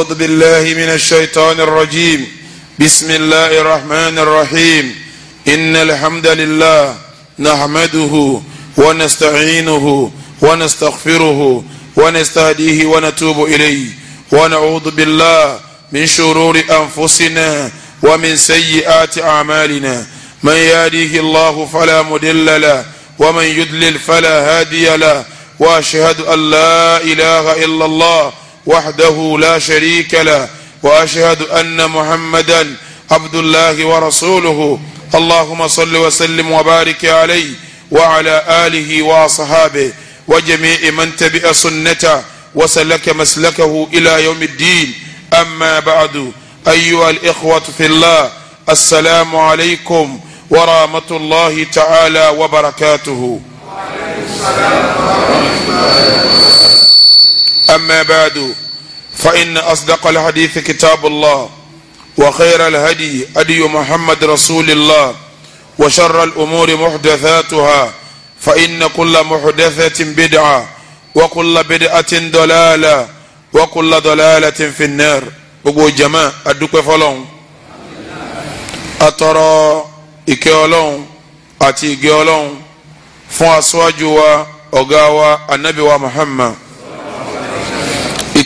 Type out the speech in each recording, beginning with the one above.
أعوذ بالله من الشيطان الرجيم بسم الله الرحمن الرحيم إن الحمد لله نحمده ونستعينه ونستغفره ونستهديه ونتوب إليه ونعوذ بالله من شرور أنفسنا ومن سيئات أعمالنا من يهديه الله فلا مضل له ومن يضلل فلا هادي له واشهد ان لا اله الا الله وحده لا شريك له وأشهد أن محمدا عبد الله ورسوله اللهم صل وسلم وبارك عليه وعلى آله وصحابه وجميع من تبع سنته وسلك مسلكه إلى يوم الدين أما بعد أيها الإخوة في الله السلام عليكم ورحمة الله تعالى وبركاته وعليكم السلام ورحمة الله وبركاته أما بعد فإن أصدق الحديث كتاب الله وخير الهدي أدي محمد رسول الله وشر الأمور محدثاتها فإن كل محدثة بدعة وكل بدعة ضلالة وكل ضلالة في النار أبو jama adúpẹ́ fọ́lọ́run atọrọ ìkẹ́ Ọlọ́run àti ìgẹ́ Ọlọ́run fún aṣáájú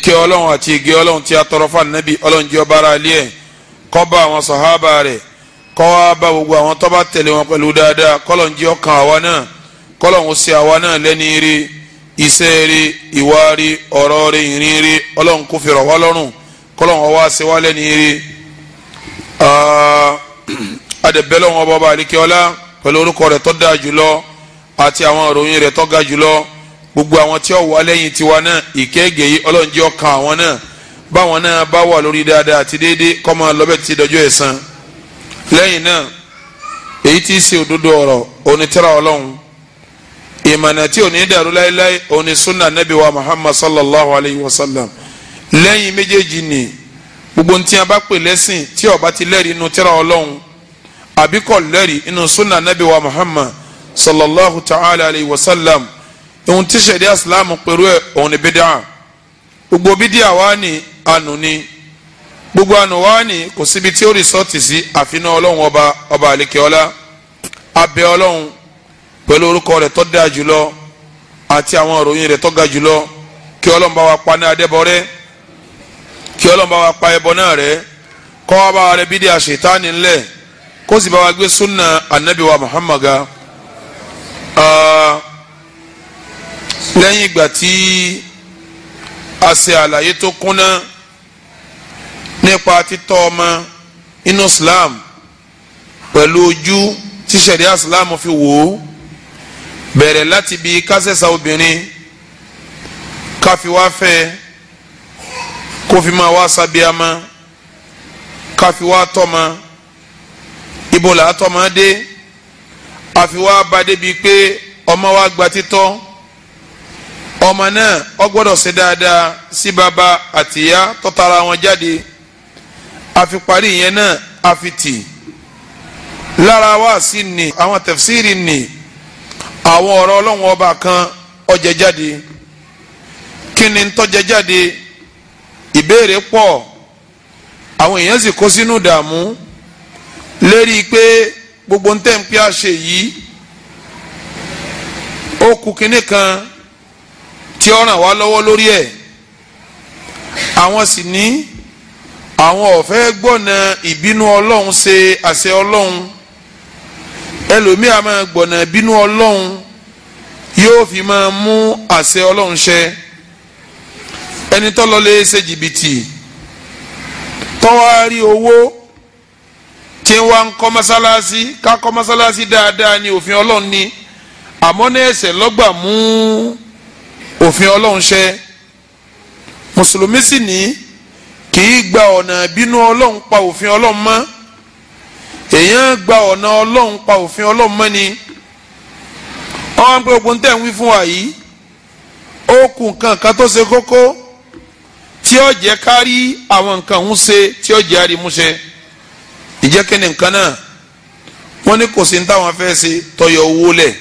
ìkẹ́ ọlọ́run àti ìgé ọlọ́run tí a tọrọ fún anabi ọlọ́run jẹ́ ọba ara ilé ẹ̀ kó bá àwọn sàhábà rẹ̀ kó wá bá gbogbo àwọn tó bá tẹ̀lé wọn pẹ̀lú dáadáa kọ́lọ́n jẹ́ ọkàn àwa náà kọ́lọ́n ó ṣe àwa náà lẹ́ni rí iṣẹ́ rí ìwà rí ọ̀rọ̀ rí ìrìn rí ọlọ́run kò fi rọ̀ lọ́rùn kọ́lọ́n ó wá ṣe wá lẹ́ni rí adẹ̀bẹ́lẹ́ wọn gbogbo àwọn tí ó wọ lẹ́yìn tiwa náà ìkẹ́gẹ́ yìí ọlọ́njẹ́ ọkàn àwọn náà báwọn náà bá wà lórí dáadáa àti déédéé kọ́ máa lọ́bẹ̀ ti dọjọ́ ẹ̀san lẹ́yìn náà èyí tí ṣe òdodo ọ̀rọ̀ onítẹ̀rà ọlọ́run ìmọ̀nà tí ò ní dàrú láéláé òní sunna nabi wa muhammad sallallahu alayhi wa sallam lẹ́yìn méjèèjì ni gbogbo ntí a bá pè lẹ́sìn tí ó bá ti lẹ́rìí inú tẹ̀rà ọlọ́run àbíkọ̀ lẹ́rìí inú sunna nabi wa muhammad sallallahu ta'ala alayhi wa sallam ohun tí sẹ̀dí asilamu pẹ̀lú ẹ̀ òun ni bídíà gbogbo bídíà wa ni ànú ni gbogbo ànú wa ni kò síbi tí ó rìsọ́ọ̀tì sí àfinà ọlọ́run ọba ọba àlekèọ́lá abẹ ọlọ́run pẹ̀lú orúkọ rẹ̀ tó dáa jùlọ àti àwọn òròyìn rẹ̀ tó ga jùlọ kí ọlọ́run bá wa pa ní adẹ́bọ kí ọlọ́run bá wa pa ẹbọ náà rẹ́ kọ́ wa bá wa rẹ ńlẹ̀ kó sì bá wa gbé súnà ànábì wa lẹ́yìn ìgbà tí a ṣe àlàyé tó kúnná nípa títọ́ ọmọ inú Islam pẹ̀lú ojú tí ṣẹ̀ríà Islam fi wò ó bẹ̀rẹ̀ láti bi kásẹ̀sà obìnrin káfi wá fẹ́ kó fi máa wá sábíàmá káfi wá tọ́mọ ibo là á tọ́mọ dé àfi wá ba débi pé ọmọ wa gba títọ́ ọmọ náà ó gbọ́dọ̀ ṣe dáadáa sí bàbá àtìyá tó tara wọn jáde àfiparí yẹn náà àfitì lára wa sí ni àwọn tẹfsiri ni àwọn ọ̀rọ̀ ọlọ́run ọba kan ó jẹ jáde kí ni tó jẹ jáde ìbéèrè pọ̀ àwọn èèyàn sì kó sínú dààmú lérí pé gbogbo ń ń pé àṣẹ yìí ó kù kínní kan tí ó ràn wá lọ́wọ́ lórí ẹ̀ àwọn sì ní àwọn ọ̀fẹ́ gbọ̀nà ìbínú ọlọ́run ṣe àṣẹ ọlọ́run ẹlòmíà máa gbọ̀nà ìbínú ọlọ́run yóò fi máa mú àṣẹ ọlọ́run ṣẹ ẹni tọ́lọ́ lè ṣe jìbìtì tọ́wọ́ owó tí wọ́n ń kọ́ mọ́sálásí ká kọ́ mọ́sálásí dáadáa ni òfin ọlọ́run ni àmọ́ ní ẹsẹ̀ lọ́gbà mú òfin ọlọ́run ṣẹ mùsùlùmí sì ní kì í gba ọ̀nà ìbínú ọlọ́run pa òfin ọlọ́run mọ́ èèyàn gba ọ̀nà ọlọ́run pa òfin ọlọ́run mọ́ ni ọ̀hún pé ogun tẹ̀ ń wí fún wa yìí ó kù nǹkan kan tó ṣe kókó tí ó jẹ́ ká àwọn nǹkan ń ṣe tí ó jẹ́ àrímúṣẹ ìjẹ́kẹ́ni nǹkan náà wọ́n ní kò sí ní táwọn fẹ́ ṣe tọyọ owó lẹ̀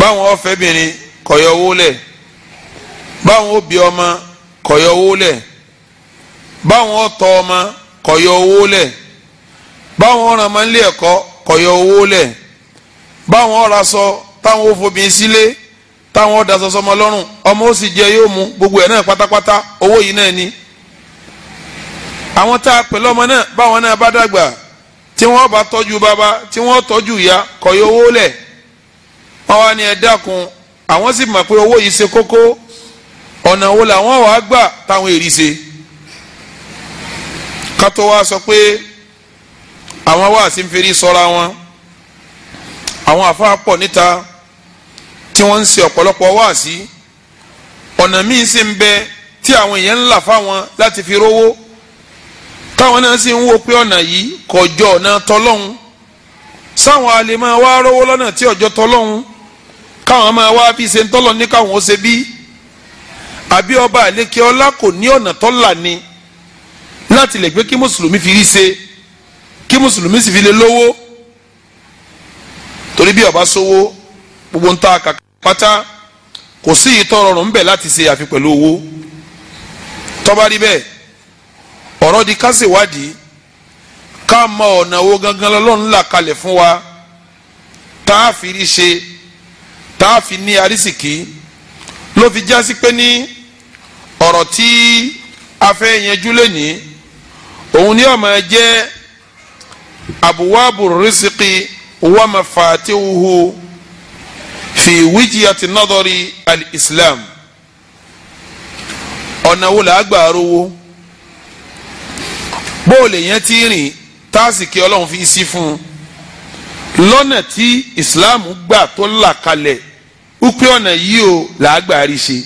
báwọn ọfẹbìnrin kọyọ owó lẹ báwọn òbí ọmọ kọyọ owó lẹ báwọn ọtọ ọmọ kọyọ owó le báwọn ọràn máa ń lé ẹ̀kọ́ kọyọ owó lẹ báwọn ọrà táwọn sílé táwọn ọdà sọsọ ọmọ lọ́rùn ọmọ ó sì jẹ yóò mú gbogbo ẹ̀ náà pátápátá owó yìí náà ni àwọn tá a pẹ̀lú ọmọ náà báwọn náà bá dàgbà tí bá wọ́n wá ní ẹ dákun àwọn sì mọ̀ pé owó yìí ṣe kókó ọ̀nà wo làwọn wàá gbà táwọn èrì ṣe kátó wá sọ pé àwọn wáàsí ń ferí sọ́ra wọn àwọn àfáà pọ̀ níta tí wọ́n ń ṣe ọ̀pọ̀lọpọ̀ wáàsí ọ̀nà míì sì ń bẹ tí àwọn èèyàn ń là fáwọn láti fi rówó táwọn náà sì ń wo pé ọ̀nà yìí kọjọ́ ọ̀nà tọlọ́hun sáwọn a máa wá rówó lọ́nà tí ọjọ́ tọlọ́hun káwọn máa wá fi ise ntọlọ ní káwọn ó ṣe bí ọba àlékè ọlá kò ní ọ̀nà ni láti lè gbé kí mùsùlùmí fi rí kí mùsùlùmí sì fi lè lówó torí bí ọba sówó gbogbo ń ta kò sí ìtọ́ rọrùn ń láti àfi pẹ̀lú owó tọ́ba rí bẹ́ẹ̀ ọ̀rọ̀ di ká mọ ọ̀nà owó gangan wa tá a fi rí tá a fi ní arísìkí ló fi jásí pé ní ọ̀rọ̀ tí a fẹ́ yanjú lẹ́nìí òun ni ó máa jẹ́ abuwaabu risiki wa mafaatihu fi wijiyati nadori al-islam ọ̀nà wo la gbà rówó bóòlù yẹn ti rìn táàsì ọlọ́run fi sí fún un lọ́nà tí Islam gbà tó là kalẹ̀ wípé ọ̀nà yìí o làágbà rí ṣe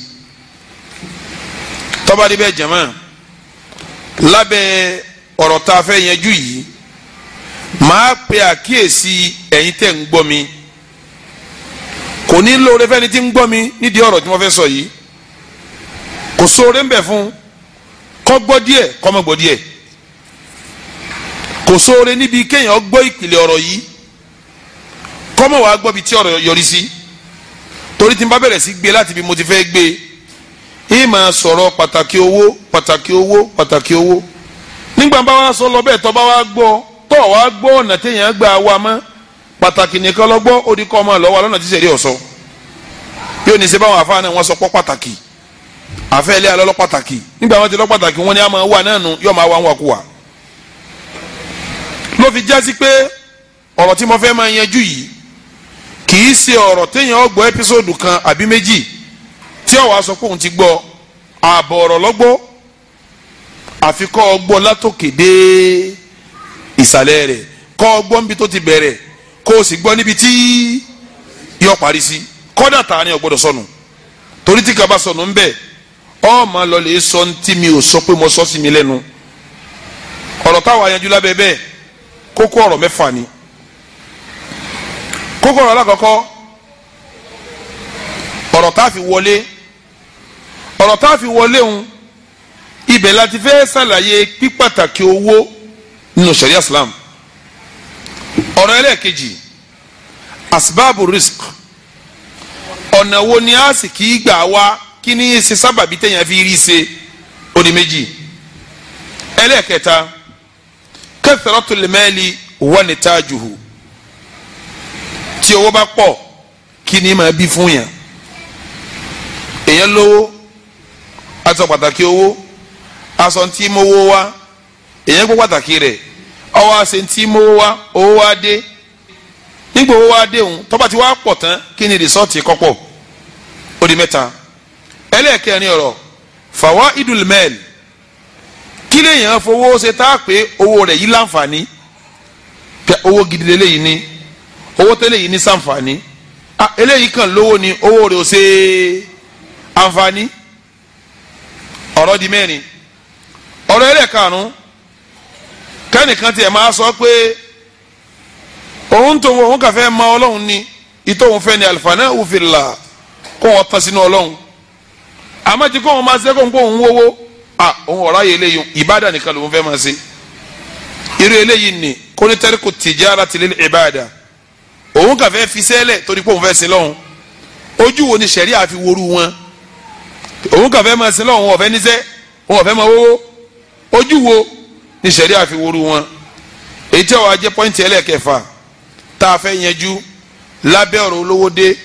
tọ́ba dé bẹ́ẹ̀ jẹ̀mọ́ lábẹ́ ọ̀rọ̀ tá a fẹ́ yanjú yìí màá pe àkíyèsí ẹ̀yin tẹ̀ ń gbọ́ mi kò ní lóore fẹ́ni tí ń gbọ́ mi nídìí ọ̀rọ̀ tí wọ́n fẹ́ sọ yìí kò sóore ń bẹ fún kó gbọ́ díẹ̀ kó má gbọ́ díẹ̀ kò sóore níbi kéèyàn gbọ́ ìpìlẹ̀ ọ̀rọ̀ yìí kọ́mọ̀ wá gbọ́ bi tí ọ̀rọ̀ yọrí sí torí tí n bá bẹ̀rẹ̀ sí gbé láti bí mo ti fẹ́ gbé yìí máa sọ̀rọ̀ pàtàkì owó pàtàkì owó pàtàkì owó nígbà bá wa sọ lọ bẹ́ẹ̀ tọ́ bá wa gbọ́ tọ́ wa gbọ́ ọ̀nà gbà wá mọ́ pàtàkì nìkan lọ́gbọ́ ó di kọ́ ọmọ lọ́nà tí ọ̀sọ́ báwọn sọ pọ́ pàtàkì àfẹ́lẹ́ alọ́lọ́ pàtàkì nígbà wọn ti lọ́ pàtàkì wọn ni a máa wà náà yóò máa wà wọn kú wa. ló fi jásí pé ọ̀rọ̀ tí mo fẹ́ kìí ṣe ọ̀rọ̀ téèyàn ó gbọ́ ẹ́písòdù kan àbí méjì tí ó wá sọ pé òun ti gbọ́ ààbọ̀ ọ̀rọ̀ lọ́gbọ́ àfi kọ́ ọ gbọ́ látòkè dé ìsàlẹ̀ rẹ̀ kọ́ ọ gbọ́ níbi tó ti bẹ̀rẹ̀ kó o sì gbọ́ níbi tí yọ parí sí kọ́dà tà ni ó gbọ́dọ̀ sọnù torí tí kaba sọnù ń bẹ̀ ọ máa lọ lè sọ ní tí mi ò sọ pé mo sọ sí mi lẹ́nu ọ̀rọ̀ táwa yanjú lábẹ́ bẹ́ẹ̀ kókó ọ̀rọ̀ mẹ́fà ni kókó ọ̀rọ̀ alákọ̀ọ́kọ́ ọ̀rọ̀ tá a fi wọlé ọ̀rọ̀ tá a fi wọlé ń ibẹ̀ láti fẹ́ ṣàlàyé pípàtàkì owó nínú sẹ̀rí islam ọ̀rọ̀ ẹlẹ́ẹ̀kejì asbáàbù risk ọ̀nà wo ni a sì kì í gbà wá kí ni ṣe sábàbí téèyàn fi rí ṣe ó méjì ẹlẹ́ẹ̀kẹta kẹfẹ́rọ́tò lè mẹ́lì wọ́n ní táàjù hù tí owó bá pọ̀ kí ni máa bí fún yàn èèyàn lówó aṣọ pàtàkì owó aṣọ tí mo wó wá èèyàn gbọ́ pàtàkì rẹ̀ ọwọ́ aṣọ tí mo wó wá owó wá dé nígbà owó wá dé òun tọ́ba ti wá pọ̀ tán kí ni rìsọ́ọ̀tì kọ́pọ̀ ó di mẹ́ta ẹlẹ́ẹ̀kẹrin ọ̀rọ̀ fàwa idulmẹ́ẹ̀lì kí lèèyàn fowó ṣe tá a pé owó rẹ̀ yìí láǹfààní owó gidi lélẹ́yìí ni owó tẹ́lẹ̀ yìí ní sàǹfààní eléyìí kan lówó ni owó rẹ̀ ò ṣe àǹfààní ọ̀rọ̀ di mẹ́rin ọ̀rọ̀ ẹlẹ́ẹ̀karùn-ún kẹ́nìkan tiẹ̀ máa sọ pé òun tó òun kàn fẹ́ ma ọlọ́run ni ìtọ́ òun fẹ́ ni àlùfáàná òfìlà kó wọn tán sínú ọlọ́run àmọ́ ti kó wọn máa ṣe kó wọn kó wọn wówó à òun ọ̀rá yẹ eléyìí ìbádà nìkan lòun fẹ́ máa ṣe irú eléyìí ni kó ní tìjára tìlẹ́lẹ́ ìbádà òun kàn fẹ́ fi sẹ́lẹ̀ torí pé òun fẹ́ sin lọ́hùn ojú wo ni sẹ̀rí àfi woru wọn òun kàn fẹ́ máa sin lọ́hùn òun ọ̀fẹ́ níṣẹ́ òun ọ̀fẹ́ máa wówó ojú wo ni sẹ̀rí àfi woru wọn èyí tí àwọn ajẹ́ pọ́ìntì ẹlẹ́kẹfà tá a fẹ́ yanjú lábẹ́ ọ̀rọ̀ olówó dé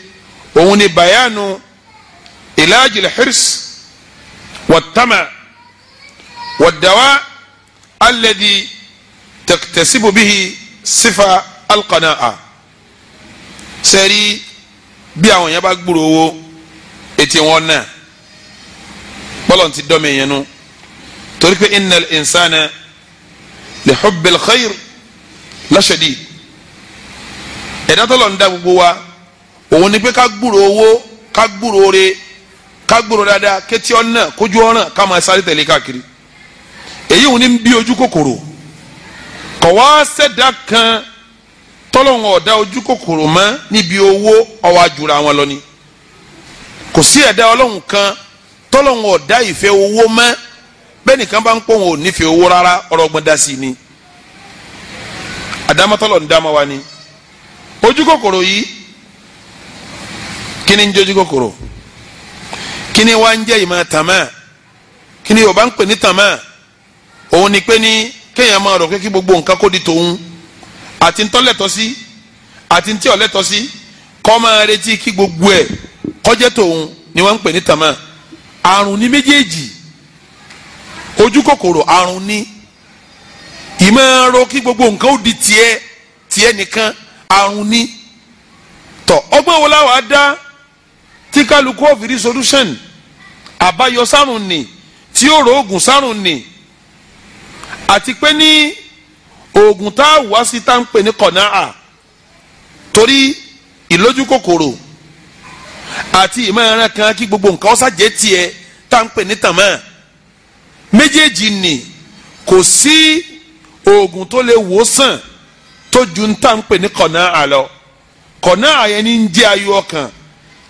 òun ni bayanu ilajil hirs watama wadawa alladhi taktasibu bihi sifa alqana'a sẹ́rí bí àwọn yẹn bá gbúrò owó ètí wọn náà bọ́lọ̀ ti dọ́mi yẹn nu torí pé innal insana li hubbil khair lashadid ẹ̀dá tó lọ ń dá gbogbo wa òun ni pé ká gbúrò owó ká gbúrò oore ká gbúrò dáadáa kétí ọ̀nà kójú ọ̀ràn ká máa sáré tẹ̀lé káàkiri èyí òun ni ń bí ojú kòkòrò kọ̀wá sẹ́dá kan tọ́lọ́hún ọ̀dá ojú kòkòrò mọ́ níbi owó ọwọ́ àjùra wọn lọ ni kò sí ẹ̀dá ọlọ́hún kan tọ́lọ́hún ọ̀dá ìfẹ́ owó mọ́ bẹ́ẹ̀ nìkan bá ń pọ̀ wọn ò nífẹ̀ẹ́ owó rárá ọlọ́gbọ́n dá ni àdámọ́tọ́lọ́ ń wa ni ojú kòkòrò yìí kí ni ń jẹ́ ojú kòkòrò kí ni wá ń jẹ́ ìmọ̀ tàmá kí ni ni pé kéèyàn máa gbogbo nǹkan kó di tòun àti ntọ́lẹ̀tọ́ sí àti ntí ọ̀lẹ́tọ́ sí kọ́ máa retí kí gbogbo ẹ̀ kọjẹ́ tòun ni wọ́n ń pè ní tàmá àrùn ní méjèèjì ojú kòkòrò àrùn ní ìmọ̀ọ́rọ̀ kí gbogbo nǹkan ó di tiẹ̀ tiẹ̀ nìkan àrùn ní tọ̀ ọgbọ́n wo láwàá dá tí kálukú ọ̀fìrí solution àbáyọ sárùn ni tí ó rògùn sárùn ni àti pé ní oògùn tá a wá sí tá à ń pè ní kọ̀nà-à torí ìlójú kòkòrò àti ìmọ̀ràn kan kí gbogbo nǹkan ọ̀sà jẹ́ tiẹ̀ tá à ń pè ní tàmọ́ méjèèjì ni kò sí oògùn tó lè wò sàn tó ju tá à ń ní kọ̀nà-à lọ kọ̀nà-à yẹn ní ń jẹ́ ayọ̀ ọkàn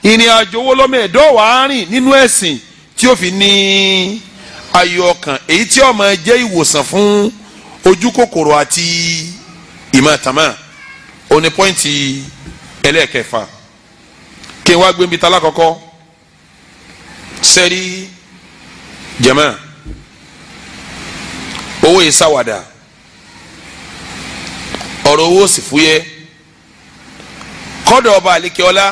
ìrìn àjò wo lọ́mọ ẹ̀dọ́ wàá rìn nínú ẹ̀sìn tí ó fi ní ayọ̀ ọkàn èyí tí ó máa jẹ́ ìwòsàn fún ojú kòkòrò àti ìmọ̀tàmọ̀ òní pọ́ìntì ẹlẹ́ẹ̀kẹfà kí n wá gbé mi ta lákọ̀ọ́kọ́ sẹ́rí jẹ̀mọ́ owó yìí sáwàdà ọ̀rọ̀ owó sì fúyẹ́ kọ́dọ̀ ọba àlekèọ́lá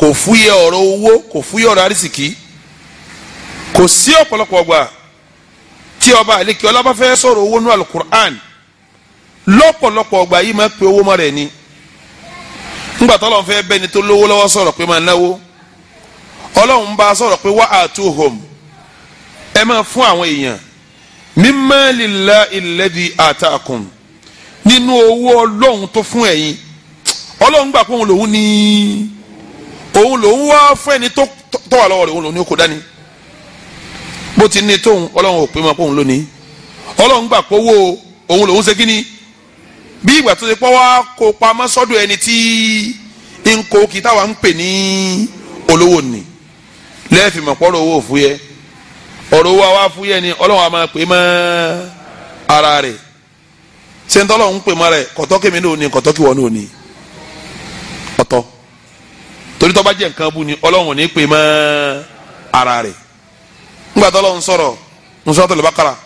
kò fúyẹ́ ọ̀rọ̀ owó kò fúyẹ́ ọ̀rọ̀ àrísìkí kò sí ọ̀pọ̀lọpọ̀ ọgbà tí ọba àlekí ọlọ́ba fẹ́ sọ̀rọ̀ owó nú alukur'an lọ́pọ̀lọpọ̀ ọgbà yìí máa pe owó mọ́ rẹ̀ ni ńgbà tọ́lọ́run fẹ́ bẹ́ni tó lówó lọ́wọ́ sọ̀rọ̀ pé máa náwó ọlọ́run bá sọ̀rọ̀ pé wá atuhum ẹ máa fún àwọn èèyàn mimma lillahi alladhi atakum nínú owó ọlọ́run tó fún ẹ̀yin ọlọ́run gbà pé òun lòun ní òun lòun wá fún ẹni tó wà lọ́wọ́ rẹ̀ òun lòun ní bó ti ní tóun ọlọ́run ò pé mọ́ lónìí ọlọ́run gbà pówó òun lòun ṣe bí ìgbà tó ṣe pọ́ wá kó pamọ́ sọ́dọ̀ ẹni tí ń kó ń pè ní olówó ni lẹ́ẹ̀fì mọ̀ owó òfúyẹ́ ọ̀rọ̀ owó àwa ni ọlọ́run àmọ́ mọ́ ara rẹ̀ ṣé ń pè mọ́ rẹ̀ kọ̀tọ́ kèmí ní òní kọ̀tọ́ ní ni ọlọ́run ò ní pè ara rẹ̀ nígbà tó lọ́n sọ̀rọ̀ nusratul bakara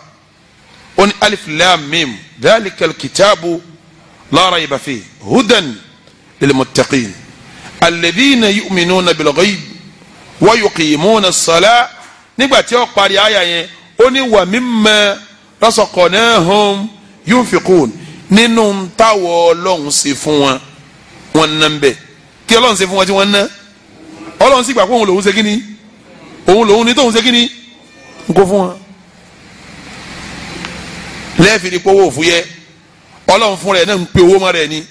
ó ní alif lam mim dhalikal kitabu la rayba fihi hudan lilmuttaqin alladhina yu'minuna bilghayb wa yuqimuna as-salah nígbà tí ó parí àyà yẹn ó ní wa mimma razaqnahum yunfiqun nínú táwọ̀ ọlọ́run ṣe fún wọn wọn ná ń bẹ̀ kí ọlọ́run ṣe fún wọn tí wọ́n ná ọlọ́run sì gbà pé òun lòun ṣe kíni òun lòun ní tóun ṣe n kó fún wọn lẹ́ẹ̀fì ni kówó òfúyẹ́ ọlọ́run fún rẹ̀ náà ń pe owó mọ́ rẹ̀ ni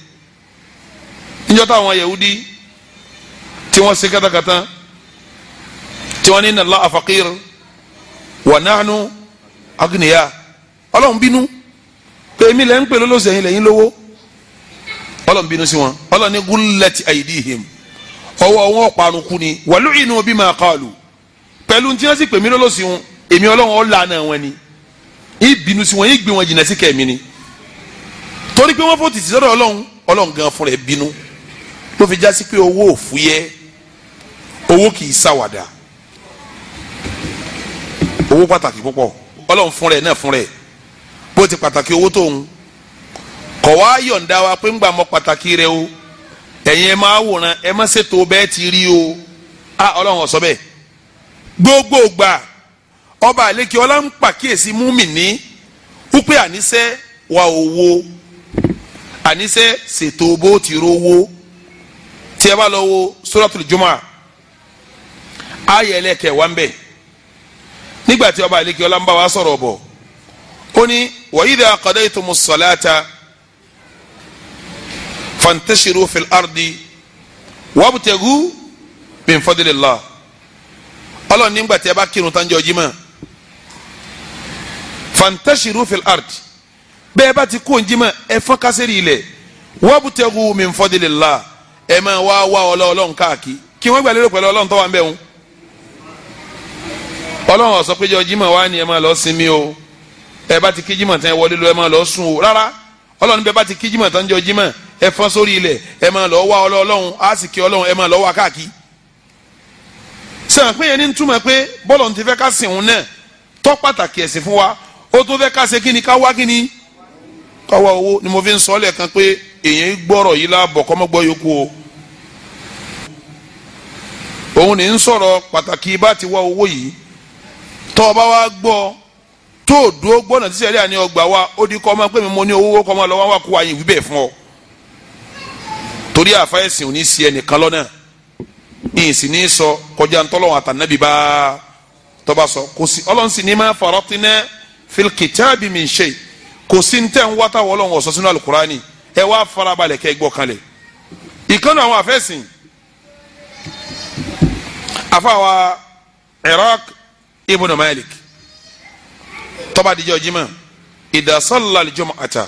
níjọ́ táwọn Yahudi tí wọ́n ṣe kátàkátà tí wọ́n ní inna Allah faqir wa nahnu agniya ọlọ́run bínú pé èmi lẹ́yìn pè lọ́lọ́sẹ̀ yìí lẹ́yìn lówó ọlọ́run bínú sí wọn ọlọ́run ní gullat aydihim ọwọ́ wọn parun kú ni walu'inu bima qalu pẹ̀lú tí wọ́n sì pè mí lọ́lọ́sẹ̀ wọn èmi ọlọ́run ọ̀la náà wọn ni ìbínú sí wọn ìgbé wọn jìnnà sí kẹ́mi ni torí pé wọ́n fò tìtì sọ́dọ̀ ọlọ́run ọlọ́run gan fúnra ẹ̀ bínú ló fi já sí pé owó òfúyẹ́ owó kì í ṣàwàdà owó pàtàkì púpọ̀ ọlọ́run fúnra ẹ̀ náà fúnra ẹ̀ bó ti pàtàkì owó tóun kọ̀ wá yọ̀ǹda wa pé ń gbà mọ́ pàtàkì rẹ o ẹ̀yin ẹ máa wòran ẹ má ṣètò bẹ́ẹ̀ ti rí o a ah, ọlọ́run ọ̀sọ́ bẹ́ẹ̀ gbogbo gbà ọba àlekí ọlá ń pàkíyèsí múmìnì wípé àníṣe wà owó àníṣe ṣètò bó ti rówó tí ẹ bá lọ wo suratul juma ayẹ ẹlẹ́kẹ̀wá ń bẹ̀ nígbà tí ọba àlekí ọlá ń bá wa sọ̀rọ̀ bọ̀ ó ní wa idha qadaytumus salata fantashiru fil ardi wabtagu min fadlillah nígbà tí ẹ bá kírun tán jọ jímọ̀ fantashiru fil ard bẹ́ẹ̀ bá ti kó njima ẹ fọ́n kásẹ̀rì ilẹ̀ wabtagu min fadlillah ẹ máa wá wá ọlọ́ọ̀lọ́n káàkiri kí wọ́n gbàlérò pẹ̀lú ọlọ́run tó wà ń bẹ̀ wọn. ọlọ́run ọ̀sọ́ péjọ jimá wa ni ẹ máa lọ sinmi o ẹ bá ti kí jimá tán ẹ wọlé lọ ẹ máa lọ sùn o rárá ọlọ́run bẹ́ẹ̀ bá ti kí jimá tán jọ jimá ẹ fọ́n sórí ilẹ̀ ẹ máa lọ wá ọlọ́run á sì kí ọlọ́run ẹ máa lọ wá káàkiri. sàn pé yẹn ní túmọ̀ pé ó tún fẹ́ ká ṣe kí ni ká wá kí ni ká wá owó ni mo fi ń sọ lẹ́ẹ̀kan pé èyàn gbọ́rọ̀ yìí láàbọ̀ kọ́mọ́gbọ́ yòókù o òun ni ń sọ̀rọ̀ pàtàkì bá ti wá owó yìí tọ́ ọ bá wá gbọ́ tó o dúró gbọ́nà tí sẹ́ríà ọgbà wa ó di kọ́ mo ní owó lọ́wọ́ wa kó wa yìí fún ọ torí ò ní sí ẹnìkan lọ́nà ní sọ kọjá ntọ́lọ́wọ́n sọ kò filikitaabi min ṣe kò sí ní tẹ́ ń wá táwọn ọlọ́run ọ̀sọ́ sínú alukurani ẹ wá farabalẹ̀ kẹ́ ẹ gbọ́ kalẹ̀ ìkànnì àwọn afẹ́sìn afáwa Iraq ibn Malik tọ́ba dijọ́ jimá ìdásọ́lá alijọ́mọ́ ata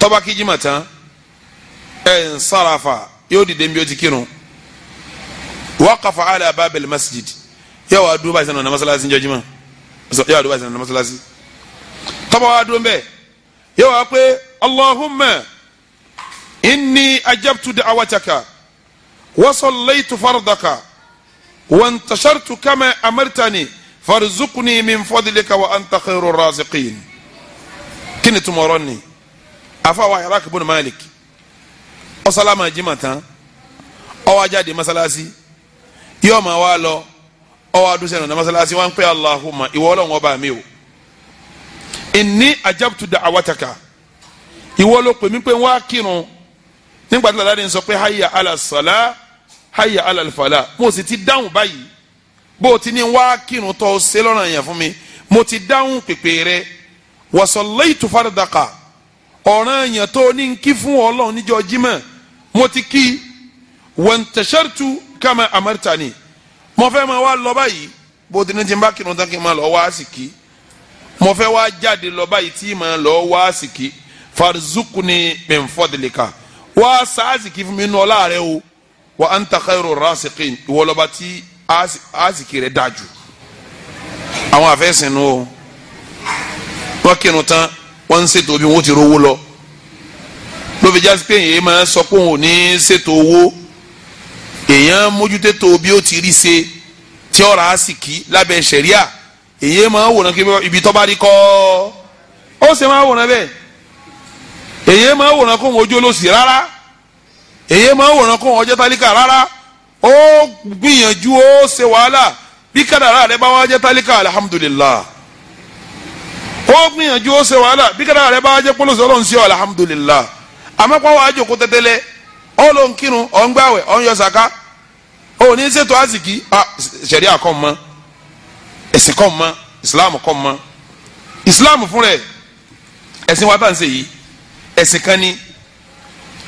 tọ́ba kí jimá tán ẹ̀ ń sárafa yóò dìde bí ó ti kírun waqafa ala babil masjid yóò wá dúró báyìí sẹ́nu ọ̀nà masalasi jọ́ jimá yóò wá dúró báyìí masalasi tọ́ba wa dúró mbẹ́ yóò wá pé allahumma inni ajabtu da'awataka wa sallaytu fardaka wa intashartu kama amartani farzuqni min fadlika wa anta khairu raziqin kini tumọrọ ni afa wa iraq bin malik ọsalama jima tan ó wá jáde masalasi yóò ma wá lọ ó wá adúsẹ nana masalasi wa ń allahumma ìwọ Ọlọ́run ọba mi o inni ajabtu da'awataka ìwọ ló pè mí pé wọ́n á kírun nígbà tí ládàá ni sọ pé hayya ala sala hayya ala alfala mo sì ti dáhùn báyìí bó o ti ní wá kírun tó o ṣe lọ́ràn yẹn fún mi mo ti dáhùn pèpè rẹ wa sallaytu fardaka ọ̀ràn yẹn tó ní kí fún ọlọ́run níjọ́ jímọ̀ mo ti kí wantashartu kama amartani mo fẹ́ máa wá lọ báyìí bó o ti ní ti bá kírun tán kí n máa lọ wá sí kí mo fẹ́ wá jáde lọ báyìí tí mà ń lọ wá àsìkí farzukuni min fadlika wá sá àsìkí fún mi nù ọlá rẹ o wa anta khairu rasikin ìwọ lọba tí àsìkí rẹ dáa jù àwọn àfẹ́sìn nù o wọ́n kírun tán wọ́n ń ṣètò bí wọ́n ti rówó lọ lóbi jásí pé èyí máa sọ pé òun ò ní ṣètò owó èèyàn mójútó bí ó ti rí ṣe tí ọ̀rọ̀ àsìkí lábẹ́ ṣẹ̀ríà èyí máa wòran kí ibi tó bá rí kọ́ ó sì máa wòran bẹ́ẹ̀ èyí máa wòran kó wọn ojú olóòsì rárá èyí máa wòran kó wọn ọjọ́ tálíkà rárá ó gbìyànjú ó ṣe wàhálà bí kádàrá rẹ bá wá jẹ́ tálíkà alihamudulilayi ó gbìyànjú ó ṣe wàhálà bí kádàrá rẹ bá jẹ́ pólòsì ọlọ́run sí ọ alihamudulilayi àmọ́ pọ́n wàá jòkó tẹ́tẹ́lẹ́ ó ní ṣètò àsìkí ah, ṣẹ̀rí àkọ́ mọ́ ẹ̀sìn kọ́ mọ́ ìsìláàmù kọ́ mọ́ ìsìláàmù fúnra ẹ̀ ẹ̀sìn wa tá ń ṣe yìí ẹ̀sìn kan ni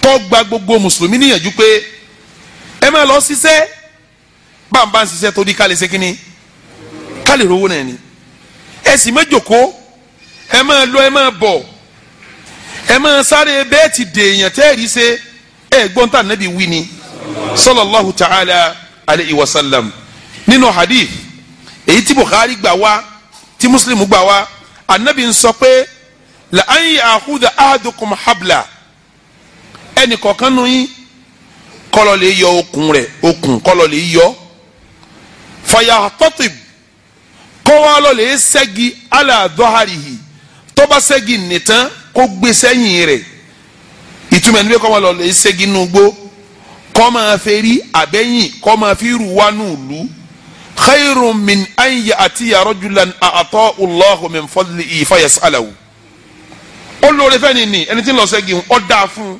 tó gba gbogbo mùsùlùmí níyànjú pé ẹ máa lọ ṣiṣẹ́ báńbá ń ṣiṣẹ́ torí ká lè ṣe kínní ká lè rówó náà ni ẹ sì má jókòó ẹ máa lọ ẹ máa bọ̀ ẹ máa sáré bẹ́ẹ̀ ti dèèyàn tẹ́ẹ̀rí ṣe ẹ gbọ́n tá nàbí wí ni sallallahu ta'ala alayhi wa sallam nínú hadith èyí tí Bukhari gbà wá tí Muslim gbà wá anabi sọ pé la an yi ahuda ahadukum habla ẹnì kọ̀ọ̀kan nu yín kọ́lọ̀ lè yọ okùn rẹ̀ okùn kọ́lọ̀ lè yọ fàyà tọ́tì lè ṣẹ́gi ala dọ́hárìhì tó bá ṣẹ́gi nìtàn kó gbé sẹ́yìn rẹ̀ ìtumọ̀ ẹni pé kọ́wá lọ lè ṣẹ́gi nugbó kọ́ máa fẹ́ rí àbẹ́yìn kọ́ máa fi rù wá lù khayrun min an ya'tiya rajulan a'atahu Allahu min fadlihi fayas'alahu ó lóore fẹ́ ni ni ẹni tí ń lọ sẹ́gi ó dáa fún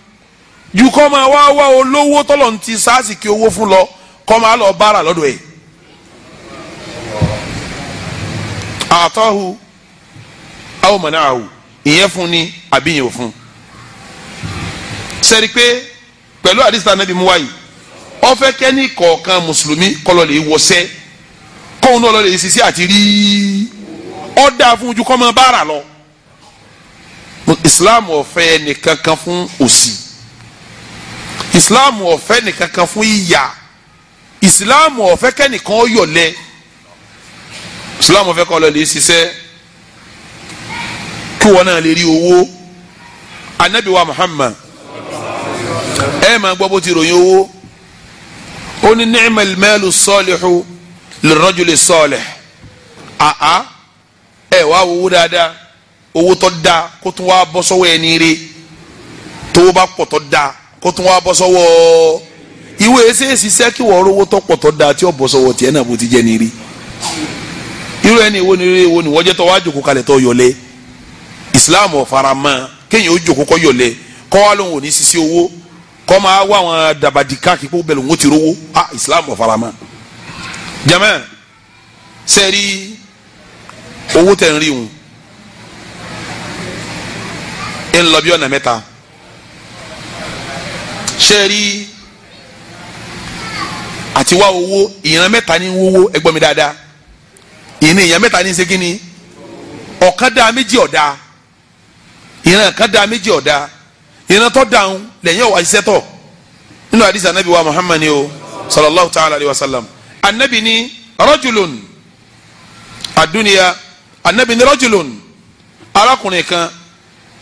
ju kọ́ máa wá wá olówó tọ́lọ̀ ń ti sáàsì kí owó fún lọ kọ́ máa lọ bára lọ́dọ̀ ẹ̀ a'atahu aw mana'ahu ìyẹn fún ni àbí yẹn ò fún sẹ́ni pé pẹ̀lú àdìsítà nàbí mu wáyé ó fẹ́ kẹ́ni kọ̀ọ̀kan mùsùlùmí kọlọ̀ lè wọ́sẹ́ kóun náà lọ lè àti rí ọ̀dà fún ojú kọ́ bára lọ islam ọ̀fẹ́ nìkankan fún òṣì islam ọ̀fẹ́ nìkankan fún ìyà islam ọ̀fẹ́ kẹ́nìkan ọ̀yọ̀lẹ́ islam ọ̀fẹ́ kọ́ lọ lè kí wọn náà lè rí owó anabi muhammad ẹ máa gbọ́ bó ti ròyìn owó ó ní ni'mal malu salihu lirajuli sọọlẹ àá ẹ wá owó dáadáa owó tó da kó tún wá bọ́ sọ́wọ́ ẹni rí tówó bá pọ̀ da kó tún wá bọ́ sọ́wọ́ ìwé ẹsẹ̀ẹsì sẹ́kì wọ́n rówó tó pọ̀ tó da tí ó bọ́ sọ́wọ́ tiẹ̀ náà bó ti jẹ́ ni rí irú ẹni ìwo ni rí ìwo ni wọ́n jẹ́ tó wá jòkó kalẹ̀ tó yọlé Islam ọ̀faramọ́ kéèyàn ó jòkó kọ́ yọlé kọ́ wá lóun ò ní sisi owó kọ́ máa wá àwọn dàbàdì káàkiri kó bẹ̀rù ń jama sẹ́ẹ̀rí owó tẹ̀ ń rí wọn ẹ̀ ń lọ bí ọ̀nà mẹ́ta sẹ́ẹ̀rí àti wá owó ìran mẹ́ta ní wówó ẹgbọ́n mi dáadáa ìní ìyàn mẹ́ta ní segini ọ̀kan dáa méjì ọ̀dà ìran kan dáa méjì ọ̀dà ìran tó dáhùn lẹ́yìn ọ̀wá ṣiṣẹ́ nínú àdìsí anábìwá Muhammad sallallahu ta'ala alayhi wa sallam anabi ni rọjulun aduniya anabi ni rọjulun arákùnrin kan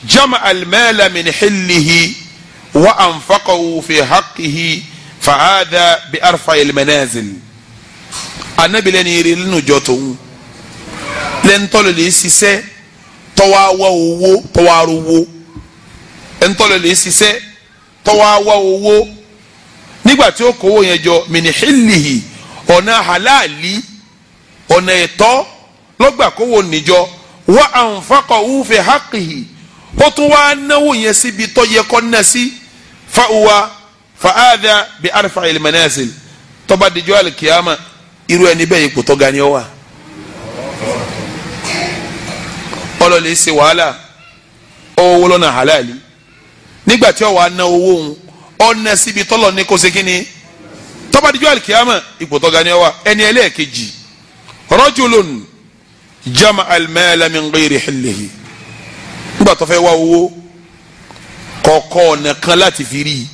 jama alimẹ́lá min xilihi wa anfaqahu fi haqihi fahada bi arfa ilmanazil anabi lẹni eri nínú jọ tòun lẹ́ntọ́lẹ̀ lè ṣiṣẹ́ tọ́wáwá owó tọ́wárò owó ẹ̀ntọ́lẹ̀ lè ṣiṣẹ́ tọ́wáwá owó nígbà tí ó kówó yẹn jọ min xilihi ọ̀nà halali ọ̀nà ẹ̀tọ́ lọ́gbà kówó níjọ wá ànfàkọ̀ wúfẹ̀ hákìhì ó tún wá náwó yẹn síbi tó yẹ kọ́ ná sí fáwọn fàáda bí arfa ilmanasil tọ́ba dijọ́ alikiyama irú ẹni bẹ́ẹ̀ ipò tó ni ó wà. ọlọ́lẹ̀ ṣe wàhálà owó lọ́nà halali nígbà tí ó wá ná owó ọ̀nà síbi tọ́lọ̀ ní kó ṣe kí ni tó bá dijọ́ alikiyama ipò tó ga ni wa ẹni ẹlẹ́ẹ̀kejì rọ́júlùn jama alimẹ́lẹ́ min ghayri hillihi nígbà tó fẹ́ wá owó kọ̀ọ̀kọ́ ọ̀nà kan láti fi rí i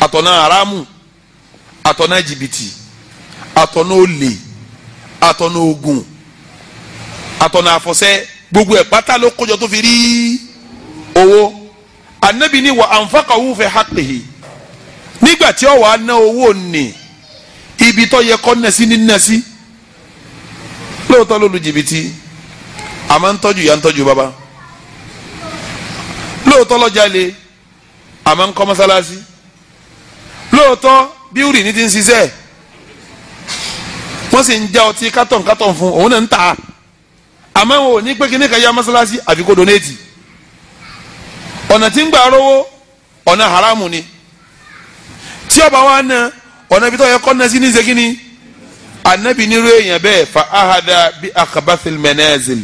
àtọ̀nà haramu àtọ̀nà jìbìtì àtọ̀nà olè àtọ̀nà ogun àtọ̀nà àfọ̀sẹ́ gbogbo ẹ̀ pátá ló kójọ tó fi rí owó anabi ni wa anfaqahu fi haqqihi nígbà tí ọwọ́ aná owó nì ibi tó yẹ kọ́ nẹ́sí ní nẹ́sí lóòótọ́ ló lu jìbìtì àmọ́ ń tọ́jú ìyá ń tọ́jú bàbá lóòótọ́ lọ́jà le àmọ́ ń kọ́ mọ́sálásí lóòótọ́ bíúrì ní ti ń ṣiṣẹ́ wọ́n sì ń já ọtí kátọ̀n kátọ̀n fún òun náà ń tà á àmọ́ wọn ò ní pé kíní kan yá mọ́sálásí àfi kó donéètì ọ̀nà tí ń gbà rówó ọ̀nà haramu ni tí ọba wa na ọ̀nà ibi tó yẹ kọ́ na sí ní segin anabi nírú èèyàn bẹ́ẹ̀ fa ahada bi akabathil manazil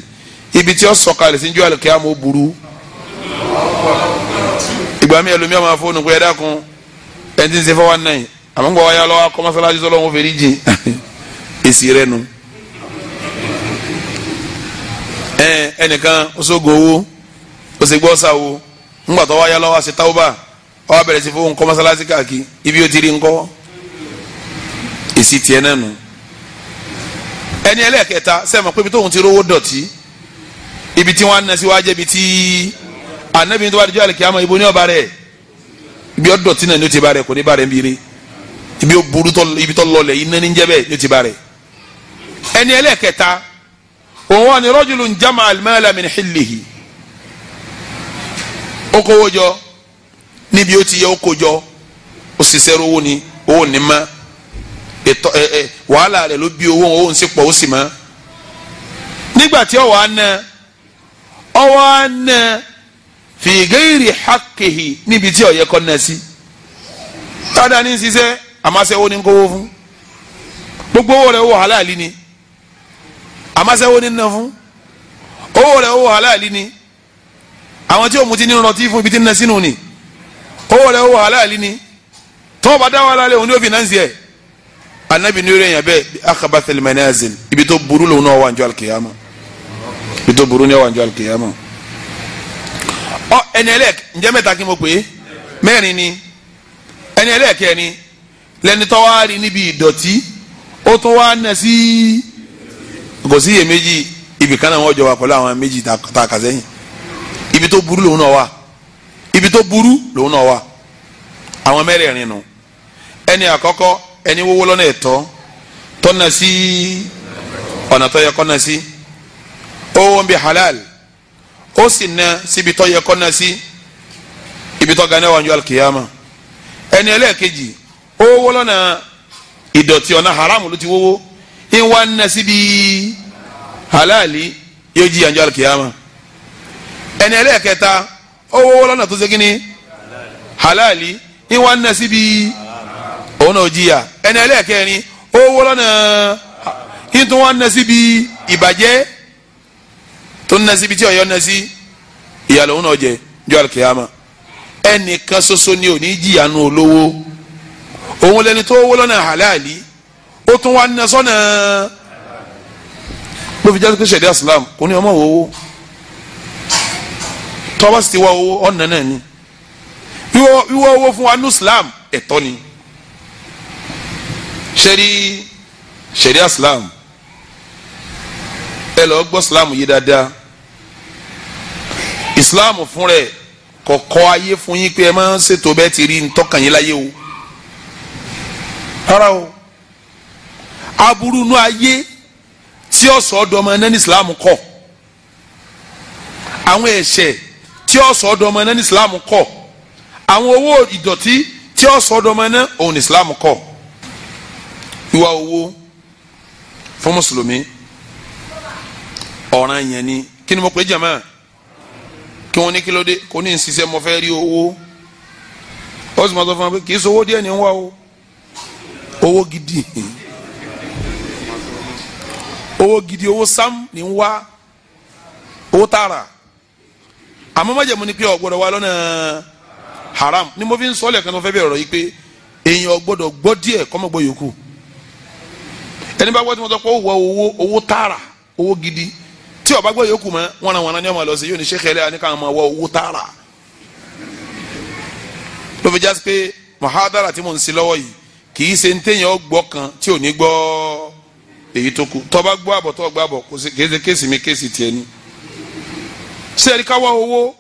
ibi tí ó sọ̀kalẹ̀ sí ní jọ́ àlùkìyàmù ó burú ìgbà mi ẹlòmíà máa fóònù pé ẹ dákun ẹ ti ń ṣe four one nine àmọ́ ń gbọ́ wáyà lọ́wọ́ akọ́ mọ́sálásí sọ́lọ́ wọn fèrè jìn èsì rẹ nu ẹnìkan ó owó ó sì gbọ́ wáyà lọ́wọ́ àṣetáwó báà ọ bẹ̀rẹ̀ sí fún nkọ́ masalasi káàkiri ibi ó ti rí nkọ́ èsì tiẹ̀ náà nù ẹni ẹlẹ́ẹ̀kẹta sẹ́mi pé ibi tóun ti rówó dọ̀tí ibi tí wọ́n á nà sí wájú ibi tí anabi tó bá dijọ́ àlìkíyàmọ̀ ibo ní ọba rẹ̀ ibi ó dọ̀tí náà ní ó ti bá rẹ̀ kò ní bá rẹ̀ nbírí ibi ó burú ibi tó lọlẹ̀ iná ní jẹ́bẹ̀ ní ó ti bá rẹ̀ ẹni ẹlẹ́ẹ̀kẹta òun wà ní rajulun jama al-mala min hillihi jọ níbi ó ti yẹ ó kojọ ó sì sẹ́rọ owó ni owó ní ma ètò ẹ ẹ wàhálà rẹ ló bí owó owó ń sì pọ̀ ó sì ma nígbà tí ọwọ́ àna ọwọ́ àna fi ghairi níbi tí ó yẹ kó sí tádà ní ṣiṣẹ́ àmásẹ́wó ní kówó fún gbogbo owó rẹ̀ owó halali ni àmásẹ́wó ní ná fún owó rẹ̀ owó halali ni àwọn tí ó mutí ní rọtí fún ibi tí ń ná sínú ni owó rẹ̀ wọ aláàlí ni tọ́wọ́ bá dá wà lálẹ́ òun ni ó fi náà ń sẹ́ anabi ní orí yẹn bẹ́ẹ̀ akaba fẹlẹ́mẹ́nẹ́sìn ibi tó burú lòun náà wà njọ́ alikiyama ibi tó burú ní wà njọ́ alikiyama ọ ẹni ẹlẹ́k ǹjẹ́ kí mo pè é mẹ́rin ni ẹni ẹlẹ́k ẹni lẹ́ni tọ́wọ́ á rí níbi ìdọ̀tí ó tún wá nà sí kò sí iyèméjì ibìkan náà wọ́n jọ wà pẹ̀lú àwọn méjì tá a kà sẹ́yìn ibi tó burú lòun náà wà ibi tó burú lòun náà wà àwọn mẹ́rẹ̀ẹ̀rin nu ẹni àkọ́kọ́ ẹni wọ́wọ́ lọ́nà ẹ̀tọ́ tọ́nà sí ọ̀nà tó yẹ kọ́nà sí ó wọ́n bí halal ó sì ná síbi tó yẹ kọ́nà sí ibi tó ganá wájú alkiyama ẹni ẹlẹ́ẹ̀kejì ó wọ́wọ́ lọ́nà ìdọ̀tí ọ̀nà haramu ló ti wọ́wọ́ ìwà ná síbi halali yóò jí yànjú alkiyama ẹni ẹlẹ́ẹ̀kẹta owó wọn lọ́nà tó ṣe kínní halali ìwà ń nà síbi òun náà jìyà ẹni ẹlẹ́ẹ̀kẹrin owó lọ́nà ìtún wọn nà síbi ìbàjẹ́ tó nà síbi tí ọ̀yọ́ nà sí ìyà lòun náà jẹ jọ àlùkìyàmà ẹnìkan ṣoṣo ni ò ní jìyà nu olówó òun lẹni tó owó lọ́nà halali ó tún wá nà sọ́nà gbọ́dọ̀ jẹ́ kí sẹ̀dí asilam kò ní ọmọ òwò tọ́ba sì ti wá owó ọ̀nà náà ni wíwá owó fún wa ní Islam ẹ̀tọ́ ni ṣẹ́rí ṣẹ̀ríà Islam ẹ lọ́ọ́ gbọ́ Islam yìí dáadáa Islam fún rẹ̀ kọ̀kọ́ ayé fún yín pé ẹ máa ń ṣètò bẹ́ẹ̀ ti rí ntọ́kàn yín láyé o rárá o aburú inú ayé tí ọ̀sọ̀ ọ̀dọ́mọ náà ní Islam kọ̀ àwọn ẹ̀ṣẹ̀ tí ó sọ ọdọ ọmọ iná ní islam kọ àwọn owó ìdọ̀tí tí ó sọ ọdọ ọmọ iná òun ní islam kọ ìwà owó fún mùsùlùmí ọ̀ràn yẹn ni kí ni mo pè jàmá kí wọ́n ní kí ló dé kò ní ìṣiṣẹ́ mo fẹ́ rí owó ó sì máa sọ fún wa pé kì sowó díẹ̀ ní wá o owó gidi owó gidi owó sam ní wá owó tààrà àmọ́ májẹ̀mú ni pé ó gbọ́dọ̀ lọ́nà haram ni mo fi ń sọ lẹ́ẹ̀kan tó fẹ́ bẹ̀rẹ̀ ọ̀rọ̀ yìí pé èèyàn ó gbọ́ díẹ̀ kọ́mọ gbọ́ yòókù ẹni bá gbọ́ tí mo sọ pé wọ owó owó tààrà owó gidi tí ó bá gbọ́ yòókù mọ́ wọn àwọn anáni ọmọ lọ sí yóò ní sẹ́kẹ̀ ẹlẹ́yà ní káwọn máa wọ owó tààrà ló fi jásí pé mahadara tí mo ń ṣe lọ́wọ́ yìí kì í ṣe ń téèyàn gbọ́ kan tí ò ní gbọ́ èyí tó kù tó gbọ́ àbọ̀ tó gbọ́ àbọ̀ kò sí kéèsì mi kéèsì tiẹ̀ ni sẹ́ẹ̀rí káwá owó